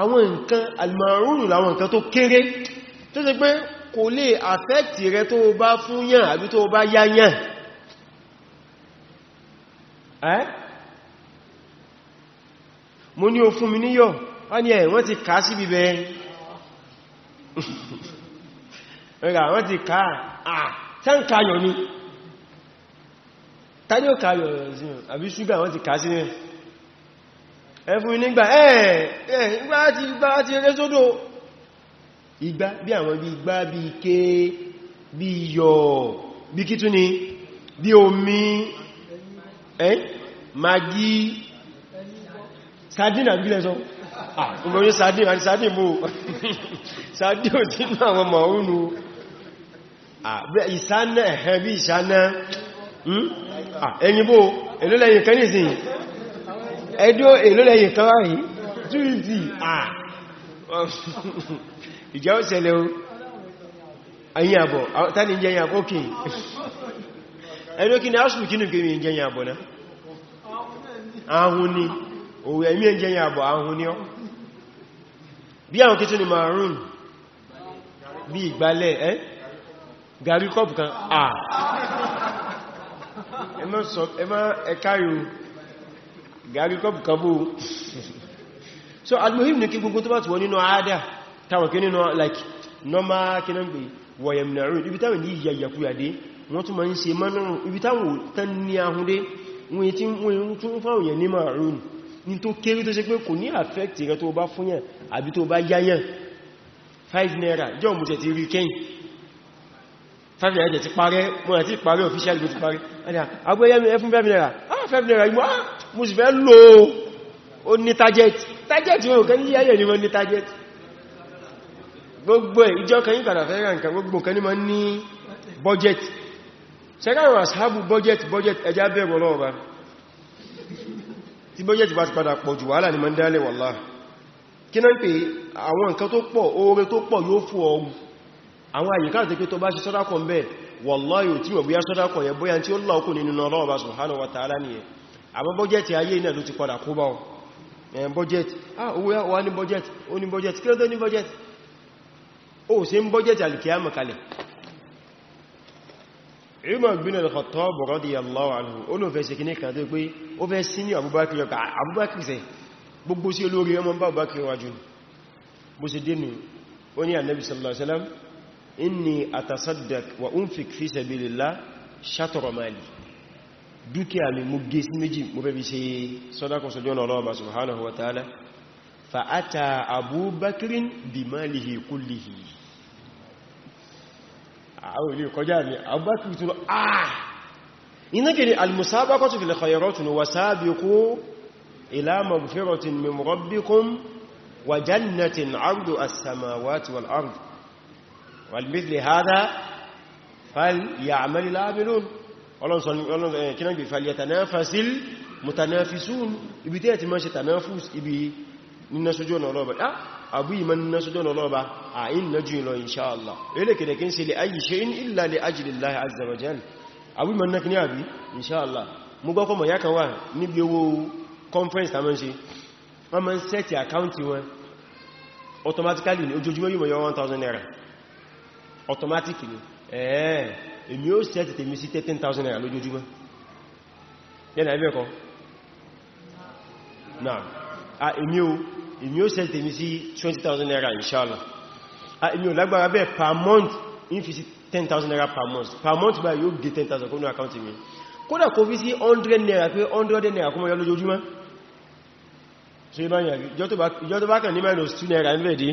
àwọn nǹkan alìmọ̀rúnù láwọn nǹkan tó kéré tó ṣe pé kò lè àfẹ́kì rẹ tó bá fún yàn àbí tó bá yáyàn ẹ́ mo ní o fún mi níyọ̀ wá ní ẹ̀ wọ́n ti kà sí bíbẹ̀ ẹ̀rà wọ́n ti kà á tánkayọ̀ ni tani ó kayọ̀ àbí ṣúgà wọ́n ti sí ẹfún nígbà ẹ̀ẹ̀ ìgbà àti ìgbà àti eré sódò ìgbà bí àwọn bí ìgbà bí ike bí iyọ̀ bí kí tún ni bí omi ẹ́ magi sardine àbí lẹ́sọ́ ọmọdé sardine àti sardine bò sardine ò tí náà wọn mọ̀ oúnú ìsáná ẹ̀hẹ́ bí ìsáná hmm? ẹ̀yìnbó èlólẹ́yìn kẹ́nìsìn ẹjọ́ èlò lẹ́yìn kan ráyìí túnìtì àà ìjẹ́ ó ṣẹlẹ̀ o ayíyàbọ̀ tàbí jẹyàbọ̀ òkè ẹjọ́ kí ni aṣùlù kínú kí ni jẹyàbọ̀ náà ahun ni òwú ẹ̀mí jẹyàbọ̀ ahun ni ọ bí àwọn kí maroon bí ìgbálẹ̀ ẹ́ gàrí kọ́pù kan eme ẹ gàrí kọ́pù kabú so almuhim ní kí gbogbo tó bá ti nínú àádá táwọn kí nínú like normal kínan gbé wọ̀yẹ̀mìnàrún ibi táwọn ní yàyàkúyàdé wọ́n tún ma ń ṣe mọ́nàrún ibi táwọn tán ní ahúndé wọ́n tí wọ́n tún fáwọn yẹ̀ ní márùn ní tó kéré tó ṣe pé kò ní affect rẹ tó bá fúnyàn àbí tó bá five naira ti parẹ́ mọ́ àti parẹ́ official bó ti parẹ́ ẹ̀dà agbóyẹ́mí ẹfún five naira ah five naira ìmọ́ ah mo sì fẹ́ lò ó ní target target wọn kẹ́ ní ayẹ̀ ni wọ́n ní target gbogbo ìjọ kẹ́yìn kàdà fẹ́ ra nǹkan gbogbo kẹ́ budget budget budget ẹja bẹ̀rọ lọ́ọ̀bá tí budget bá ti padà pọ̀ jù wàhálà ni ma ń dálẹ̀ wàlá kí náà ń pè àwọn nǹkan tó pọ̀ oore tó pọ̀ yóò àwọn àyíká àti pé tó bá ṣe sọ́dákọ̀ ń bẹ́ wọ́lọ́yò tí wọ̀ bóyá sọ́dákọ̀ yẹ bóyá tí ó lọ́ọ̀kùn nínú ọlọ́ọ̀bá subhanahu wa ta'ala ni ẹ̀ àmọ́ bọ́jẹ́tì ayé náà ló ti padà kó bá bọ́jẹ́tì ah owó wá ní bọ́jẹ́tì ó ní bọ́jẹ́tì kí ló tó ní bọ́jẹ́tì ó sì ń bọ́jẹ́tì alìkìyàmù kalẹ̀ Umar bin al-Khattab radiyallahu anhu ó ló fẹ́ ṣe kí ní kan tó pé ó gbogbo sí olórí ọmọ bá Abubakar wájú bó ṣe dénú ó ní Ànábì inni atasaddaq wa unfik fi sabilillah shatr mali dúkìá mi mo gé sí méjì mo be bí ṣe sadaqa sojo na Ọlọ́run subhanahu wa ta'ala fa ata abubakrin bi malihi kullihi àwọn ilé kọjá mi abubakar tún ah iná kèrè al-musabaqatu fil khayrati wasabiqu ila maghfiratin min rabbikum wa jannatin 'ardu as-samawati wal-ard والمثل هذا فليعمل العاملون kíná gbé فليتنافس المتنافسون ibi tí ẹ ti máa ṣe tanafus ibi nínú sójú ọ̀nà ọlọ́ọ̀bá ah abu yi ma nínú sójú ọ̀nà ọlọ́ọ̀bá a in na jù lọ inṣáàlá elékèdè kí n ṣe lè ayi ṣe in illa li ajilillahi azza wa jal abu yi ma náà kí ní àbí inṣáàlá mú gbọ́kọ́ mọ̀ yákan wà níbi owó conference ta mọ́ ṣe wọ́n ma ń sẹ́tì àkáùntì wọn automatically ní ojoojúmọ́ yíò mọ̀ yọ 1000 naira automatic ni ẹ̀ẹ́ èmi ó set tèmi sí 13,000 naira lójoojúmọ́ yẹ́nà ẹgbẹ́ ẹ̀kọ́ náà a èmi ó èmi ó set tèmi sí 20,000 naira inshallah a èmi ó lágbára bẹ́ẹ̀ per month in fi sí 10,000 naira per month per month bá yóò gé 10,000 kó ní account mi kódà kó fi sí 100 naira pé 100 naira kó mọ́ yọ lójoojúmọ́ so ibáyàn ìjọ́ tó bá kàn ní minus 2 naira ń bẹ̀ dìí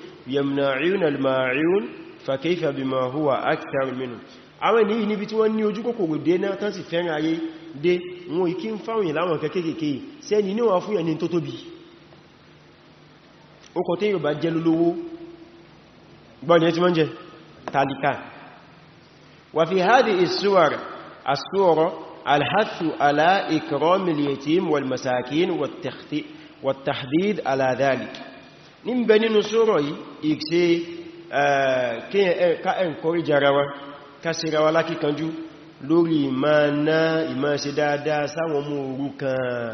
يمنعون الماعون فكيف بما هو اكثر منه àwọn ni ni bí tí wọ́n ní ojú kokoro de na tán sì fen ayé de wọn iki n fáwọn yin láwọn kekekeke ṣe ni ni wa fún yan ni tó tóbi o ko te yo ba jẹ lólówó gbo ni tí mo jẹ tálíkà wa fi hadi as-suwar as-suwar al-hathu ala ikram al-yatim wal masakin wat tahdid ala dhalik ní bẹ nínú sọ́rọ̀ yìí ìṣe ká encourage ara wa ká ṣe ra wa lákìkanjú lórí ìmá ná ìmá ṣe dáadáa sáwọn ọmọ òrukàn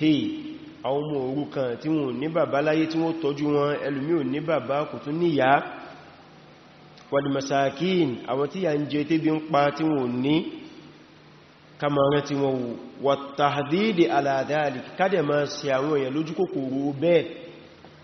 hey àwọn ọmọ òrukàn tí wọ́n ní bàbá láyé tí wọ́n tọ́jú wọn ẹlòmí ò ní bàbá kò tún níyá pa tí wọ́n ní kamarin tí wọ́n wò wat tahdidi ala dhalik kádẹ̀ máa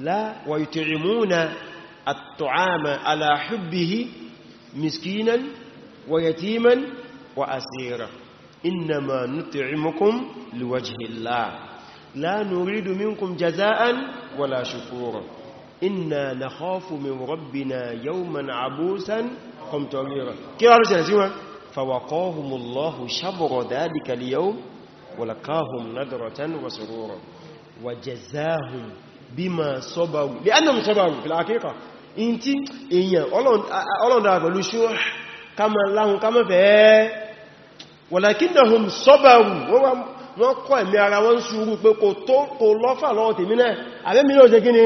لا ويطعمون الطعام على حبه مسكينا ويتيما وأسيرا إنما نطعمكم لوجه الله لا نريد منكم جزاء ولا شكورا إنا نخاف من ربنا يوما عبوسا قمطريرا كيف عرفنا سيما فوقاهم الله شبر ذلك اليوم ولقاهم نذرة وسرورا وجزاهم bima sabaru li annahum sabaru fil haqiqa inti eyan Ọlọ́run da pẹ̀lú shuh kama lahun kama fe walakinnahum sabaru wọ́n kọ́ ẹ̀mí ara wọn sùúrù pé kò tó kò lọ́fà lọ́wọ́ tèmi náà àbẹ́mí náà jẹ́ gíní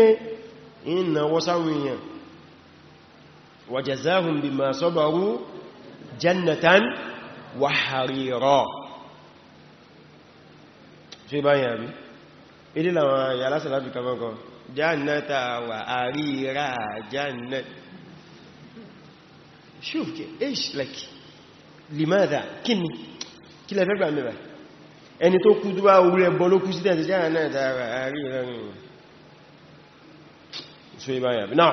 ilé làwọn yàrá sàlábì kan mọ́kàn jannata wà àríra jannat ṣùf kí eish like limada kí ni kí lẹ fẹ́ gbà mẹ́rà ẹni tó kú tó bá orí ẹbọ ló kú sí tẹ́ẹ̀tẹ́ jannata wà àríra so ibáyà náà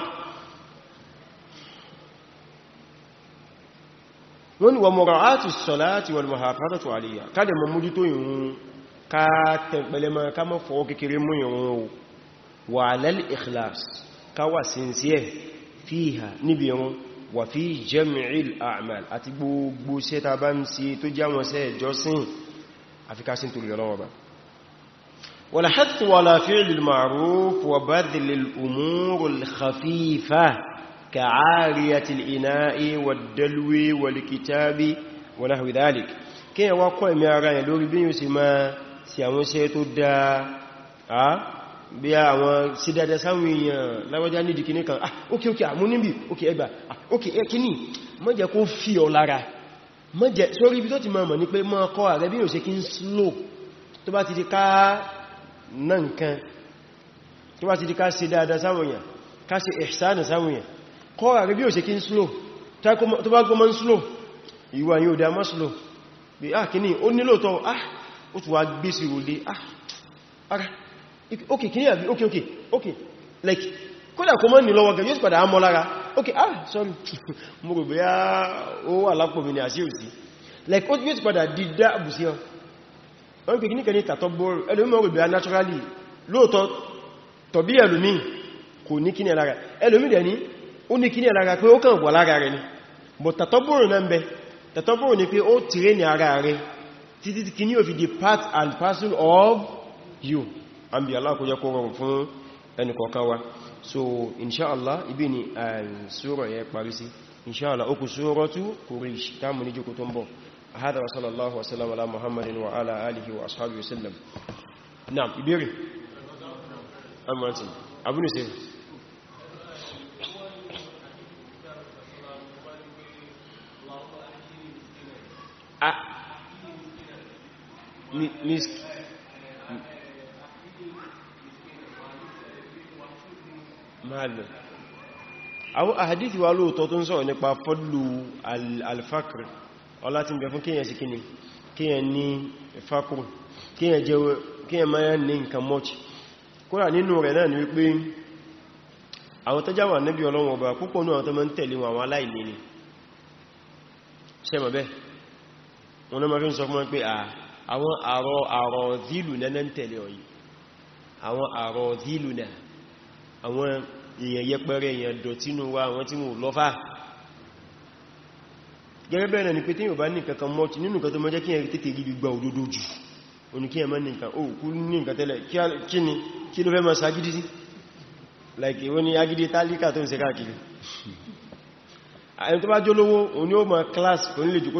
wọ́n ni wà mọ̀rọ̀ àti sọ̀lá àti wà mọ̀hàfàtàtù àríyà káàdẹ̀ ká tẹ̀pẹ̀lẹ̀ ma ká mọ́ fọwọ́ kékeré mú ìrún o wà lẹ́lì ikhlas ká wà sincere fíhà níbi ìrún wà fi jami'il a'mal àti gbogbo ṣe ta bá ń ṣe tó já wọn ṣe ìjọsìn àfikásín tó lọ́wọ́ bá wala hath wala fi'lil ma'ruf wa badhlil umuril khafifa ka'ariyatil ina'i wad-dalwi wal kitabi wa nahwi dhalik kí ẹwà kọ́ ẹ̀mí ara ẹ̀ lórí bí yóò sì máa sí àwọn iṣẹ́ tó dáa àá bí àwọn sí dáadáa sáwọn èèyàn láwọ́já nídi kìíní kan ah ókè ókè àmú níbi ókè ẹgbà ókè ẹkìíní má jẹ́ kó fi ọ lára má jẹ́ sórí ibi tó ti mọ̀ ní pé mọ́ kọ́ ààrẹ bí òṣèkí ń slow tó bá ti di ká náà nǹkan tó bá ti di ká sí dáadáa sáwọn èèyàn ká slow tó bá gbọmọ́ slow ìwà yóò dá mọ́ slow ah ó tún wá gbé sí rò lé ah ok kí ní àbí ok ok like kódà kó mọ́ ní lọ́wọ́ gẹ̀ yóò sì padà mọ́ lára ah sorry mo rò bóyá ah, ó wà lápò mi ní like ó yóò sì padà dídá àbùsí ọ wọ́n pè kí ní kẹ́ ní tàtọ́ bọ́ọ̀rù ẹlòmí mọ́ rò bóyá naturally lóòtọ́ tọ̀bí ẹlòmí kò ní kí ní lára ẹlòmí dẹ̀ ní ó ní kí ní lára pé ó but tàtọ́ bọ́ọ̀rù náà ń bẹ tàtọ́ bọ́ọ̀rù ni pé ó tìrẹ́ ní títí tí kìíní òfin di part and parcel of you an bí Allah kó jẹ́ kó rọrùn fún ẹni wa so inshallah ibi ni eh, sura yẹ parí sí inṣáàlá ó kù suratu Quraysh táàmù ní jùkú tó ń bọ̀ muhammadin wa alihi wasallam na'am ibiri abu nusayf misk malu àwọn àhàdìtì wa lóòtọ́ tó ń sọ̀rọ̀ nípa fọ́lù alfakr ọlá tí ń bẹ fún kíyàn sí kíni kíyàn ní fakr kíyàn máa ní nǹkan mọ́ch kúrò nínú rẹ̀ náà ni wípé àwọn tó jáwà níbi ọlọ́wọ̀n ọba púpọ̀ náà tó máa ń tẹ̀lé wọn àwọn aláìní ni ṣe àwọn àrọ̀ àrọ̀ zílù náà ń tẹ̀lé ọ̀yí àwọn àrọ̀ zílù náà àwọn èèyàn yẹpẹrẹ èèyàn dọ̀tínú wa àwọn tí wọ́n lọ́fà gẹ́gẹ́ bẹ́ẹ̀ ni pé tí yóò bá ní kankan mọ́ nínú nǹkan tó mọ́ jẹ́ kí ẹ̀rí tètè rí gbígbà òdodo jù oní ẹ̀mọ́ like ìwọ́n agidi tálíkà tó ń ṣe káàkiri ẹni tó class kò ní lè jù kó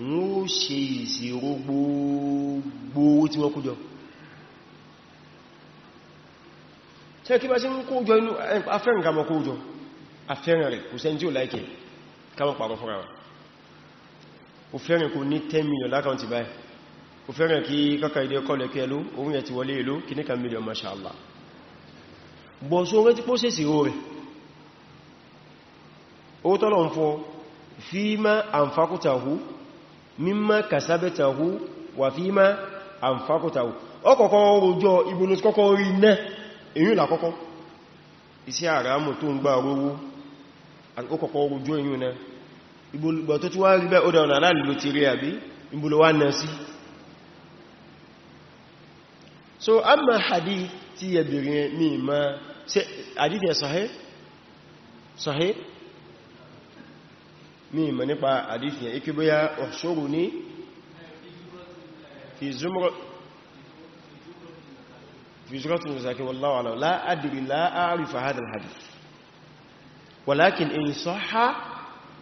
wọ́n ó ṣe ìṣirò gbogbo owó tí wọ́n kó jọ ṣe kí bá ṣe ń kó jọ inú afẹ́rin kàmọ́ kó jọ afẹ́rin rẹ̀ kò sẹ́ntí ò láìkẹ̀ kàmọ́ pàmọ́ fúnra wọn o fẹ́rin kò ní 10 million lákàntì báyìí o fẹ́rin kí kọ́kà ilé ọkọ̀ lẹ́kẹ́ ẹlú oúnjẹ ti wọlé èlú kì níkà million mashallah bọ̀ mímá kàsábẹ̀tàwó wà fí má àǹfàkótàwó ọkọ̀kọ́ rojọ́ ibùnú kọ́kọ́ rí iná èyún làkọ́kọ́ iṣẹ́ àrámù tó ń gbà rówó àkọ́kọ́ rojọ́ èyún náà so mi ma ní ìmọ̀ nípa àdífìyàn ikú bóyá ọ̀ṣọ́rù ní fìzúrọ̀tún ìzàkí wallahu a'lam la adri la a'rifu hadha al-hadith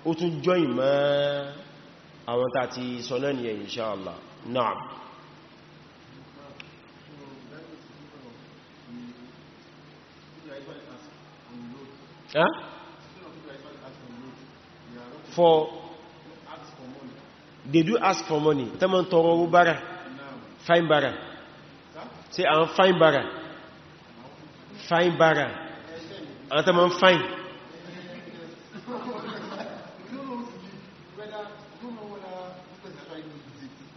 ó tún jọ ìmọ̀ àwọn tàti sọ́nà ni insha Allah na'am for they do ask for money tẹ́mọ̀ tọrọ owó bára fine bára say I'm fine bára fine bára àwọn tẹ́mọ̀ fine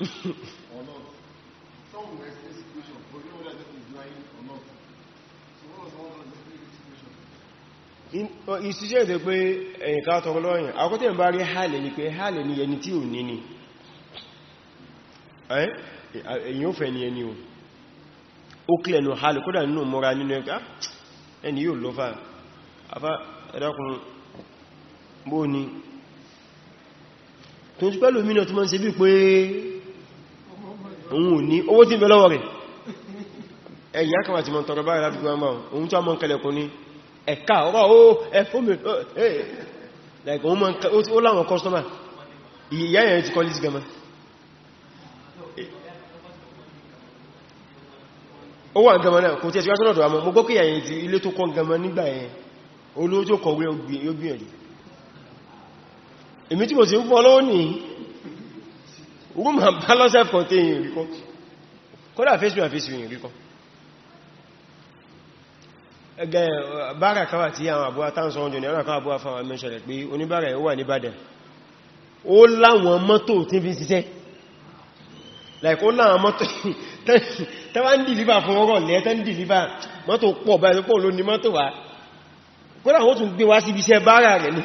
Some will explain situation, but you know that is lying or not. So what was all ìsíṣẹ́ uh, ìtẹ́ pé ẹ̀yìn ká tọrọ lọ́yìn àkọ́tẹ̀ bá rí hálẹ̀ ní pé hálẹ̀ ní ẹni tí ò ní ni ẹ̀yìn ó fẹ́ ni ẹni o ó kílẹ̀ nù hálẹ̀ kódà nínú mọ́ra nínú ẹ̀ká ah, ẹni yóò lọ fà afá ẹ̀dàkùn bó ni tó ń ti pẹ́lú mínà tó mọ́ sí bí pé òun ò ní owó tí ń bẹ lọ́wọ́ rẹ̀ ẹ̀yìn akọ̀wà ti mọ́ tọrọ báyìí láti ẹ̀ka ọ̀rọ̀ ó ẹ̀fọ́mì ó láwọn kọ́sọ́mà ìyá ẹ̀yẹn ti kọ́lí sí gama ó wà gama náà kò tí ẹ̀sì rásọ́nà dọ̀wà mọ́ gbọ́kì ẹ̀yẹn ti ilé tó kọ́ gama nígbà ẹ̀yẹn olóòjò kọ̀wé ogbìyànjú èmi tí mo ti ń fọ́ lọ́wọ́ ní room face me and face me ẹgbẹ́ bára káwà tí àwọn àbúwá tánsọ oúnjẹ ní ọ̀nàkọ́ àbúwá fún àwọn mẹ́ṣẹ̀lẹ̀ pé oníbára ẹ̀ wà ní Ìbàdàn ó láwọn mọ́tò tí fi ṣiṣẹ́ like ó láwọn mọ́tò tẹ́wà ń dìlíbà fún ọrọ̀ lẹ́ tẹ́ ń dìlíbà mọ́tò pọ̀ báyìí pọ̀ ló ní mọ́tò wá kódà ó tún gbé wá síbi iṣẹ́ bára rẹ̀ ni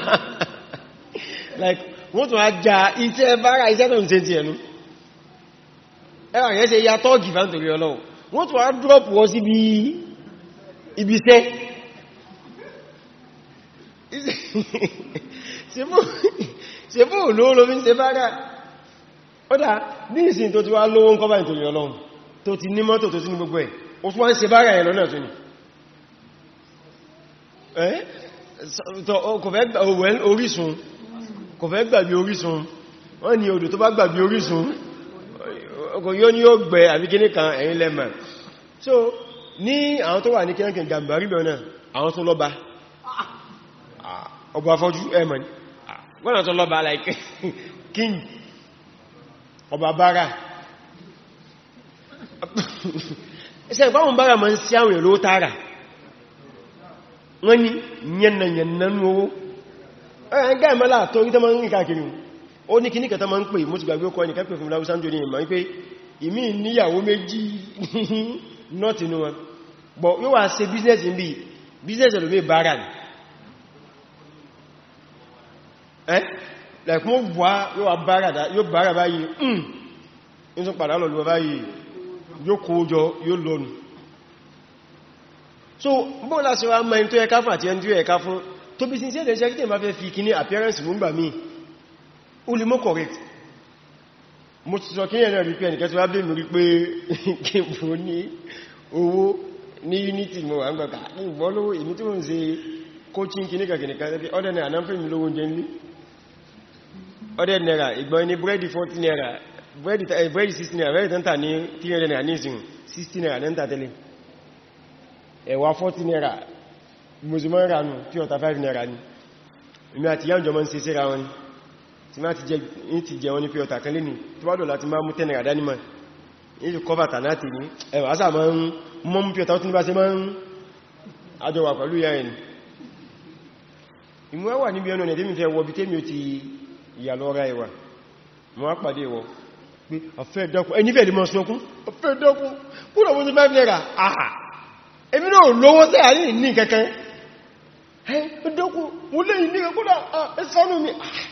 like wọ́n tún á ja iṣẹ́ bára iṣẹ́ tó ń ṣe ti ẹnu ẹwà yẹn ṣe ya tọ́ọ̀gì bá ń torí ọlọ́wọ́ wọ́n tó wá drop wọ́n sí bí ibi iṣẹ́ ṣe fún olóò lómi ṣe bá dá ọ́dá ní ìsìn tó ti wá lówó ń kọ́bà ìtòrí ọlọ́run tó ti ní mọ́tò tó ti ní gbogbo ẹ̀ o fún wọ́n ṣe bá rẹ̀ lọ́nà tó ní kò fẹ́ gbàgbé orísun wọ́n ni odò tó bá gbàgbé orísun ọkùn yóò ní ó gbẹ àbí kíní kan ẹ̀yìn lẹ́mà so ní àwọn tó wà ní kíníkìn gàmbàrí bẹ̀rẹ̀ àwọn tó lọ́ba ah, ọgbà afọ́jú ẹ̀mọ̀ ah, wọ́n tó lọ́ba like king ọba bára ẹsẹ̀ ìpáwọn bára ma ń sí àwọn èrò tààrà wọ́n ni yẹnnà yẹnnà nú owó ń rí káàkiri ó ní kìníkà tán ma ń pè mú ti gbàgbé ọkọ̀ ẹnìkẹ́ pè fún láwúsá jò ní ìmọ̀ wípé ìmí níyàwó méjì nọ́tì ní wọn bọ̀ yóò wà ṣe bíznẹ́sì ń bí bíznẹ́sì ẹlòmí bára ní ẹ́ lẹ́kún wà yóò bára báyìí ń hmm, tún padà lọ́lọ́ báyìí yóò kó so bóòlá sí wa mọ́ ẹni tó ẹka fún àti ẹni tó ẹka fún appearance mú ó lè mọ́ correct mo ti sọ kí ẹ̀rẹ́ rí pé ẹnìkẹ́ tí wá bí mi rí pé kébù ní owó unity mo wà ń gbọ́gbà ní ìgbọ́lówó èmi tí mo ń ṣe coaching kìníkàkìníkà tẹ́bí ọdẹ́ náà náà fẹ́ mi lówó jẹ ní ọdẹ́ náà ìgbọ́n ní búrẹ́dì 40 naira búrẹ́dì 16 eh, naira búrẹ́dì tẹ́ntà ni 300 naira ní ìsìn 16 naira tẹ́ntà tẹ́lẹ̀ ẹ̀wà 40 naira mùsùlùmọ́ ránù tí ọ̀tà 5 naira ní ìmì àti yáǹjọ mọ́ ń ṣe síra wọn ni tí máa ti jẹ wọn ní pé ọ̀tà kan lé ní tó bá dọ̀lá ti máa mú tẹ́nà àdá nímọ̀ ní kọba tànáàtì ní ẹwà asà máa ń mọ́ mú pẹ́ta tún bá ṣe máa ń àjọwà pẹ̀lú ya ẹni ìmú ẹwà níbi ẹnu ẹ̀dẹ́ mi fẹ́ wọ bí tẹ́mi ti ìyà lọ ra ẹwà mọ́ á pàdé wọ pé ọ̀fẹ́ ní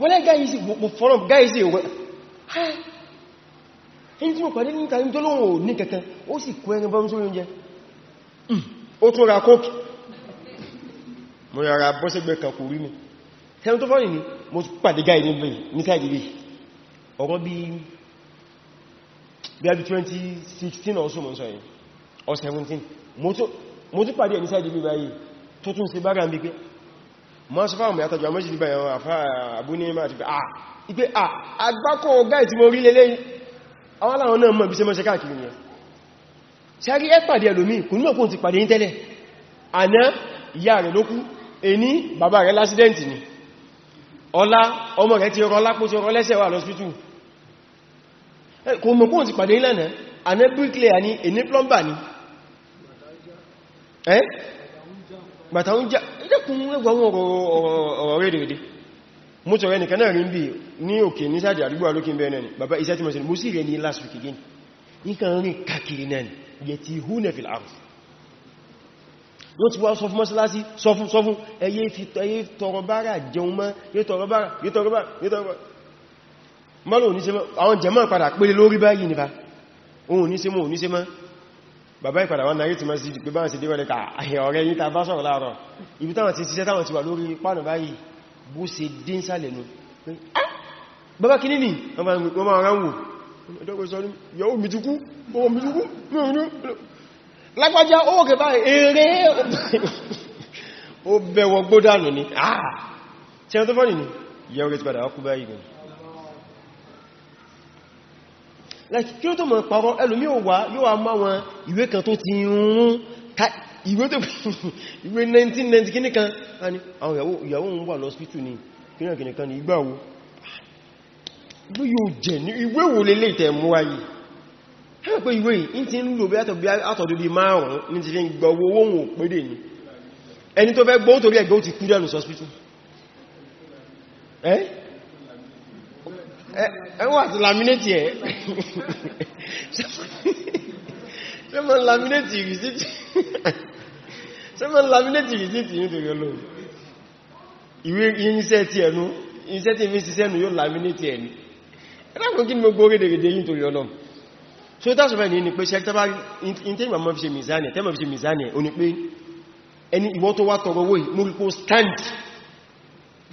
wọ́n lẹ́ gáyìí sí mo fọ́nà gáyìí sí ìwẹ́ ẹni tí mo pàdé ní ìtàrí tó lóhun ní kẹ̀kẹ́ ó sì kó ẹni bọ́n sórí oúnjẹ hmm, ó tún ra kóòkì mo yàrá bọ́sẹ̀gbẹ̀ kan rí mi ẹni tó fọ́nà ni mo pàdé gáyìí ní káàkiri ọ̀rọ̀ bí bí i 2016 ọ̀sùn or 17 mo tún pàdé ẹni sáàdì bí báyìí tó tún sí bára ń mọ́ sọ fáwọn ìyàtọ̀jọ àmọ́jì nígbà ẹ̀wọ̀n àbúnímà àti pé à ah, ah, agbákọ̀ ọgá ìtí mo rí lélé àwọn aláwọn náà mọ̀ bí ṣe mọ́ ṣe káàkiri yẹn ṣe rí ẹ pàdé ẹlòmí kò ní ọkùn ti pàdé yín tẹ́lẹ̀ àná ìyá rẹ̀ ló kú ẹni bàbá rẹ̀ lásídẹ́ǹtì ni ọlá ọmọ rẹ̀ ti rọ lápò ti rọ lẹ́sẹ̀ bàtà ń já ẹkún ẹgbọ̀wọ̀n ọ̀rọ̀ rédèrèdè mú tọrẹ nìkan náà rí ń bí ní òkè ní sáàdì àdúgbò alókín bẹ́ẹ̀ ni bàbá iṣẹ́ tí mo sì mú sí rẹ̀ ní last week again nìkan rí kàkiri náà ni yẹ ti hú nẹ̀ fìlà àrùn wọ́n ti wá sọ fún mọ́sílásí sọ fún sọ fún ẹyẹ fi tọrọ bára jẹun mọ́ yẹ tọrọ bára yẹ tọrọ bára yẹ bàbá ìpadà wọn náà rí ti mọ́ sí pé báwọn sì déwọ́lẹ̀ ká ọ̀rẹ́ yí ta bá sọ̀rọ̀ láàárọ̀ ibi táwọn ti ṣiṣẹ́ táwọn ti wà lórí pánà báyìí bó ṣe dé ń sàlẹ̀ nù bàbá kí nílì wọ́n máa rán wò ni like kí ó tó mọ̀ pàrọ ẹlòmí ò wá yóò wá máa wọn ìwé kan tó ti rún ìwé tó ìwé 1990 kíní kan ní àwọn ìyàwó ń wà lọ́spítù ní kíní kíní kan ní ìgbàwó ló yóò jẹ ní ìwé wo lè lè tẹ̀mú ayé hẹ́rẹ̀ pé ìwé yìí ti ń lò bí àtọ̀dọ̀ bí márùn-ún ní ti fi ń gbọ́ owó òun ò pédè ní ẹni tó fẹ́ gbọ́ torí ẹgbẹ́ ó ti kú dánù sọ́spítù ẹ́ ẹwà ti laminate ẹ̀ ṣe mọ́ laminate receipt ṣe mọ́ laminate receipt nítorí ọlọ́run ìwé irinṣẹ́ ti ẹnu irinṣẹ́ ti fi ṣiṣẹ́ ẹnu yóò laminate ẹni ẹ̀dàkùn kí ni mo gbórí dèrèdè nítorí ọlọ́run so that's why ni pé ṣe tẹ́bá in tẹ́ ìmọ̀ fi ṣe mizani tẹ́mọ̀ fi ṣe mizani ẹ̀ o ni pé ẹni ìwọ tó wá tọrọ stand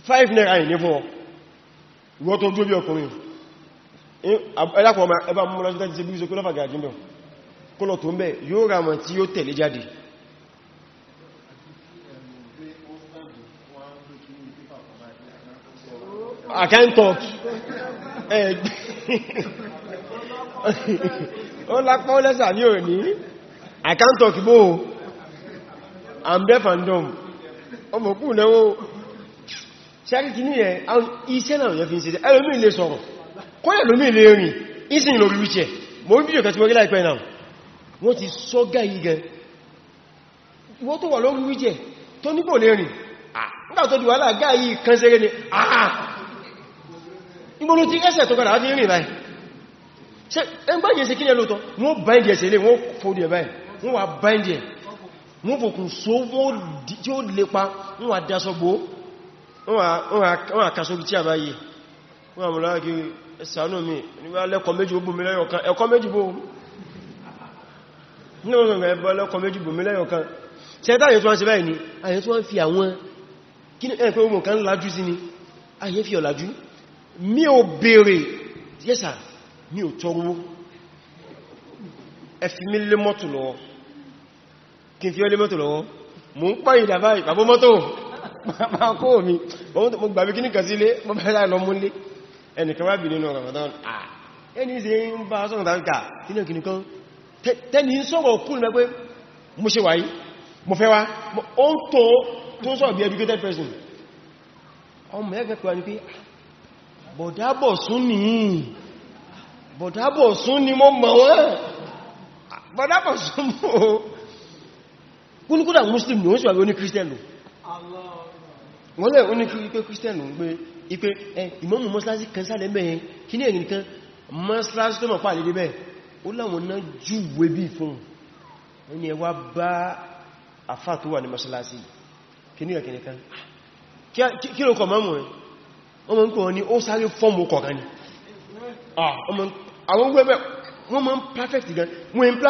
5 naira ní fún ọ ìwọ́n tó dúró ọkùnrin ẹlákùnrin ọmọ ẹbá mú lọ́jọ́ tẹ́jì bí i lọ́fà gàájí mẹ́ kúlọ̀ tó ń bẹ̀ yóò ra wọn tí yóò tẹ̀lé jáde I can't talk ó lápá ó ní I can't talk bó I'm deaf and dumb ọmọ kú náwó ṣẹ́rí kì ní ẹ̀ iṣẹ́ na yẹ fi ń ṣe ẹlòmí ilé sọ̀rọ̀ kọ́ ẹlòmí ilé rìn ìsìn lórí wíṣẹ́ mọ̀ ma ìjọkẹ́ tí wọ́n rí láìpẹ́ ti sọ́gá yìí gan ìwọ́n tó wà lórí wíṣẹ́ tó lè rìn nígbàtọ́ di wàhálà gá yìí kan àà ti rẹ́sẹ̀ tó kàrà fi rìn láì ṣe ẹgbẹ́ yẹn kí wọ́n àkásórí tí a bá yìí wọ́n àmúlá kí ẹsànú mi nígbà lẹ́kọ̀ọ́ méjì bò mí lẹ́yọ̀kan ẹ̀kọ́ méjì bò ní wọ́n ẹ̀bọ́ lẹ́kọ̀ọ́ méjì bò mí lẹ́yọ̀kan tí ẹ dáyẹ̀ tó wọ́n sí báyìí ni ayẹ́ tó wọ́n fi àwọn kí ní ẹ̀kọ́ ogun kan lájú sí ni ayẹ́ fi ọ̀lájú mi ò béèrè yẹ́sà mi ò tọrọ ẹ fi mí lé mọ́tò lọ́wọ́ kí n fi ọ lé mọ́tò lọ́wọ́ mò ń pàyìdà báyìí bàbá máa kó mi mo gbàbí kí ní kà sílé mo bẹ́rẹ̀ lọ múlé ẹnìkan wábì nínú Ramadan ẹni ṣe ń bá sọ́rọ̀ dáríkà nínú kìnnì kan tẹ́ni sọ́rọ̀ kún lẹ́gbé mo ṣe wáyí mo fẹ́ wá ó ń tó tó sọ̀rọ̀ bí educated person ọmọ ẹgbẹ́ pẹ̀lú pé ah, bọ̀dábọ̀ sún ni mo mọ̀ wọ́n ah, bọ̀dábọ̀ sún mọ́ kúlùkúlà muslim ni ó sì wà ní christian lò wọ́n lẹ́ oní kí wípé christian ń gbé ipé ìmọ́mù mọ́sálásí kan sálẹ̀ mẹ́yẹn kí ní ẹ̀yìn kan mọ́sálásí tó mọ̀ pàà lédé bẹ́ẹ̀ ó láwọn náà júwé bí fún wọ́n ni ẹwà bá àfà tó wà ní mọ́sálásí kí ní ẹ̀kìnì kan kí gan wọ́n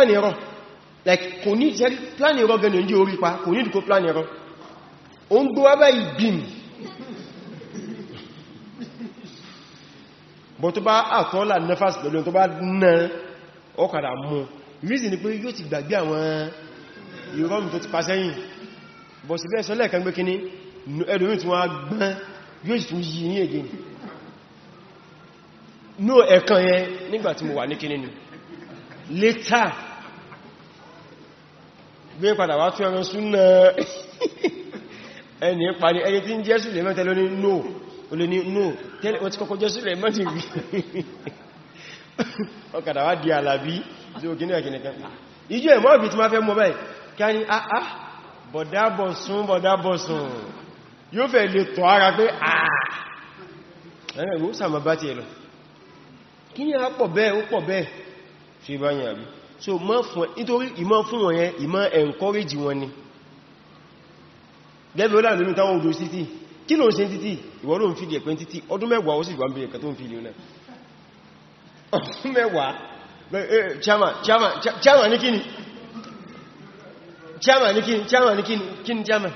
ń like kò ní ìṣẹ́rí plan ẹ̀rọ gan ní orí ó ń gbówá bá ìgbìm bọ̀ tó bá àtọ́lá nefas pẹ̀lú tó bá ná ọkàdà mọ́ reason ni pé yóò ti gbàgbé àwọn ìrọ́mù tó ti pa sẹ́yìn bọ̀ sí bẹ́ẹ̀ sọ́lẹ̀ kan gbé kíní ẹlòmí tí wọ́n gbọ́n yóò sì tún yí ní èdè ní ẹ̀kan yẹn nígbà tí mo wà ní kíní ni létà gbé padà wá tún ẹran súnnà ẹni parí ẹni tí ń jẹ́ sílẹ̀ mẹ́ta ló ní no o lè ní no tẹ́lẹ̀ o ti kọ́kọ́ jẹ́ sílẹ̀ mẹ́ta rí ọkàdà wá di àlàbí tí ó gínà gínà kan ìjọ ẹ̀mọ́ ìbí tí ma fẹ́ mọ́ báyìí ká ní àá ah, ah, bọ̀dábọ̀sùn bọ̀dábọ̀sùn yóò fẹ́ lè tọ́ ara pé àà ẹ̀rẹ̀ ìwó gẹ́bẹ̀ olá nínú táwọn odò sí tí kí ló ń ṣe títí ìwọ ló ń fìdí ẹ̀pẹ́ títí ọdún mẹ́wàá ó sì wà ń bèèrè kàtó ń fìdí ọ̀nà ọdún mẹ́wàá chairman ní kíni chairman ní kíni chairman ní kíni chairman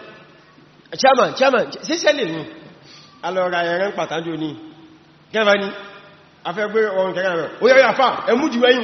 chairman chairman síṣẹ́ lè ní alọ́ra ẹ̀rẹ́n pàtàjò ní gẹ́bà ní afẹ́gbé ọrùn kẹrẹ rẹ̀ ó yẹ́ yà fà ẹmú jù ẹyìn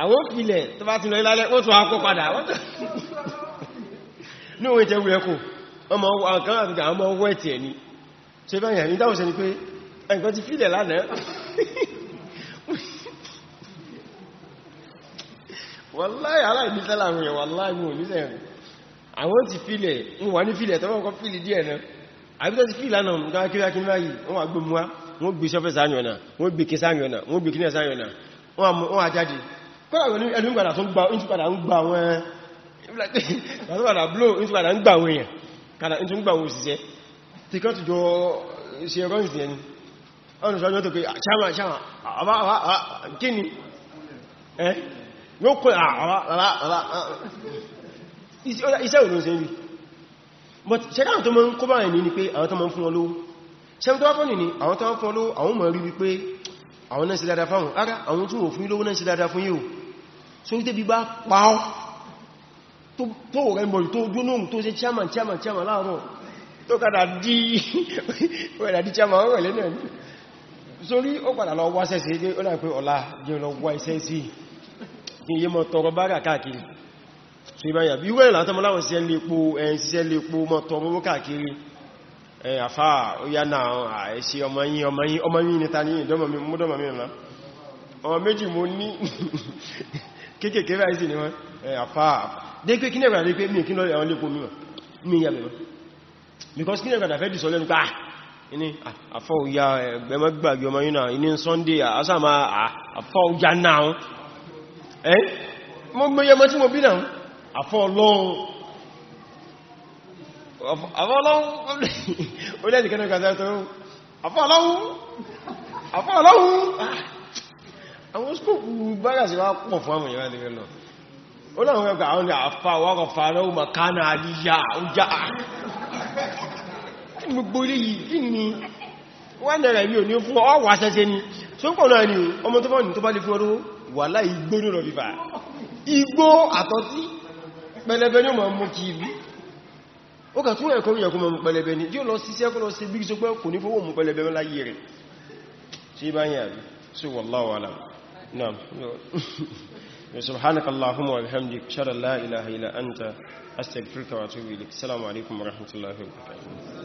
àwọn òfìlẹ̀ tó bá ti lọ ilálẹ́ ó tún akó padà ní òun ìtẹ́ wùlẹ̀ kò ọmọ ọkàn àti àwọn ọwọ́ ẹ̀tì ẹ̀ ni ṣe bá yà ní dáwọ̀ṣẹ́ ni pé ẹnkan ti fílẹ̀ lánàá wàláì aláìníṣẹ́ láàrin ẹ̀ wàláì mú oníṣẹ́ rẹ̀ àwọn ti fílẹ̀ ń wà ní fílẹ̀ tọ́wọ́ wọ́n àjáde kọ́nà ẹlùmí padà tó gbà oúnjẹ padà ń gbà wọn ẹ̀rọ padà blow oúnjẹ padà ń gbà wọn èèyàn padà ń tún gbà wọn òṣìṣẹ́ tí kọ́ tó jọ ṣe rọ́n ìsìn ẹni ọ̀nà ìṣọ́jọ́ tó pé ṣáàmà ah, ṣáàmà kí ni ẹ́ yóò kọ́ ah, iṣẹ́ òun ṣe rí but ṣe káà tó mọ́ ń kó bá ẹni ni pé àwọn tó mọ́ fún ọlọ́wọ́ ṣe tó wá fọ́nì ni àwọn tó wá fún ọlọ́wọ́ àwọn mọ̀ rí wípé àwọn náà sí dáadáa fáwọn ara àwọn tún òfin lówó náà sí dáadáa fún yíò sórí tẹ́bí bá pàọ́ tó rẹ̀ mọ̀ tó gbónóhùn tó ṣe chairman chairman chairman láàárọ̀ tó kàdà dí ọ̀rẹ́dà dí chairman ọ̀rẹ́ lẹ́nà ní sórí ó padà lọ wá sẹ́sẹ́ ilé ó láìpẹ́ ọ̀la jẹ́ lọ wá iṣẹ́ sí ní iye mọ̀ tọrọ bára káàkiri so ibá yà bí wẹ́rẹ̀ látọ́mọ́ láwọn sí ẹlẹ́ epo ẹn síṣẹ́ lè epo mọ̀ tọrọ bó kéèkéé báyìí sí ni wọ́n àfáà dé pé kíní ẹ̀gbàdà pé mi kí lọ àwọn lépo mímọ̀ mi yà mẹ́mọ́ because kíní ẹ̀gbàdà fẹ́ dìsọ lẹ́nu pé ah, ah, àfọ́ òyà ẹgbẹ̀mọ́ gbàgbé ọmọ yìí náà ní Sunday àásàmà àfọ́ òyà náà ẹ́ mo gbẹ́yẹ mọ́ àwọn skóòpù bára sí wá pọ̀ fún àwọn ìyàwó àdìrẹ́ lọ ó láwọn ẹgbẹ̀ àwọn àfà wọ́rọ̀ farao makana aliyya ọjá gbogbo ilé yìí kí ni wọ́n dẹ̀rẹ̀ mi ò ní fún ọwọ́ àṣẹ́ṣẹ́ ni tó pọ̀ náà ni ọmọ tó fọ́nì tó bá lè fún ọdún wà láì igbó ní ọ̀rọ̀bíbà igbó àtọ́tí pẹlẹbẹ ní ọmọ mú kí ibi ó kà tún ẹ̀kọ́ ìyẹ̀kọ́ mọ̀ pẹlẹbẹ ni yóò lọ sí sẹ́kọ́ lọ sí bí i sọ pé kò ní fowó mú pẹlẹbẹ láyé rẹ̀ tí bá yẹ̀ àbí sí wallahu alam نعم سبحانك اللهم وبحمدك شر لا إله إلا أنت أستغفرك وأتوب إليك السلام عليكم ورحمة الله وبركاته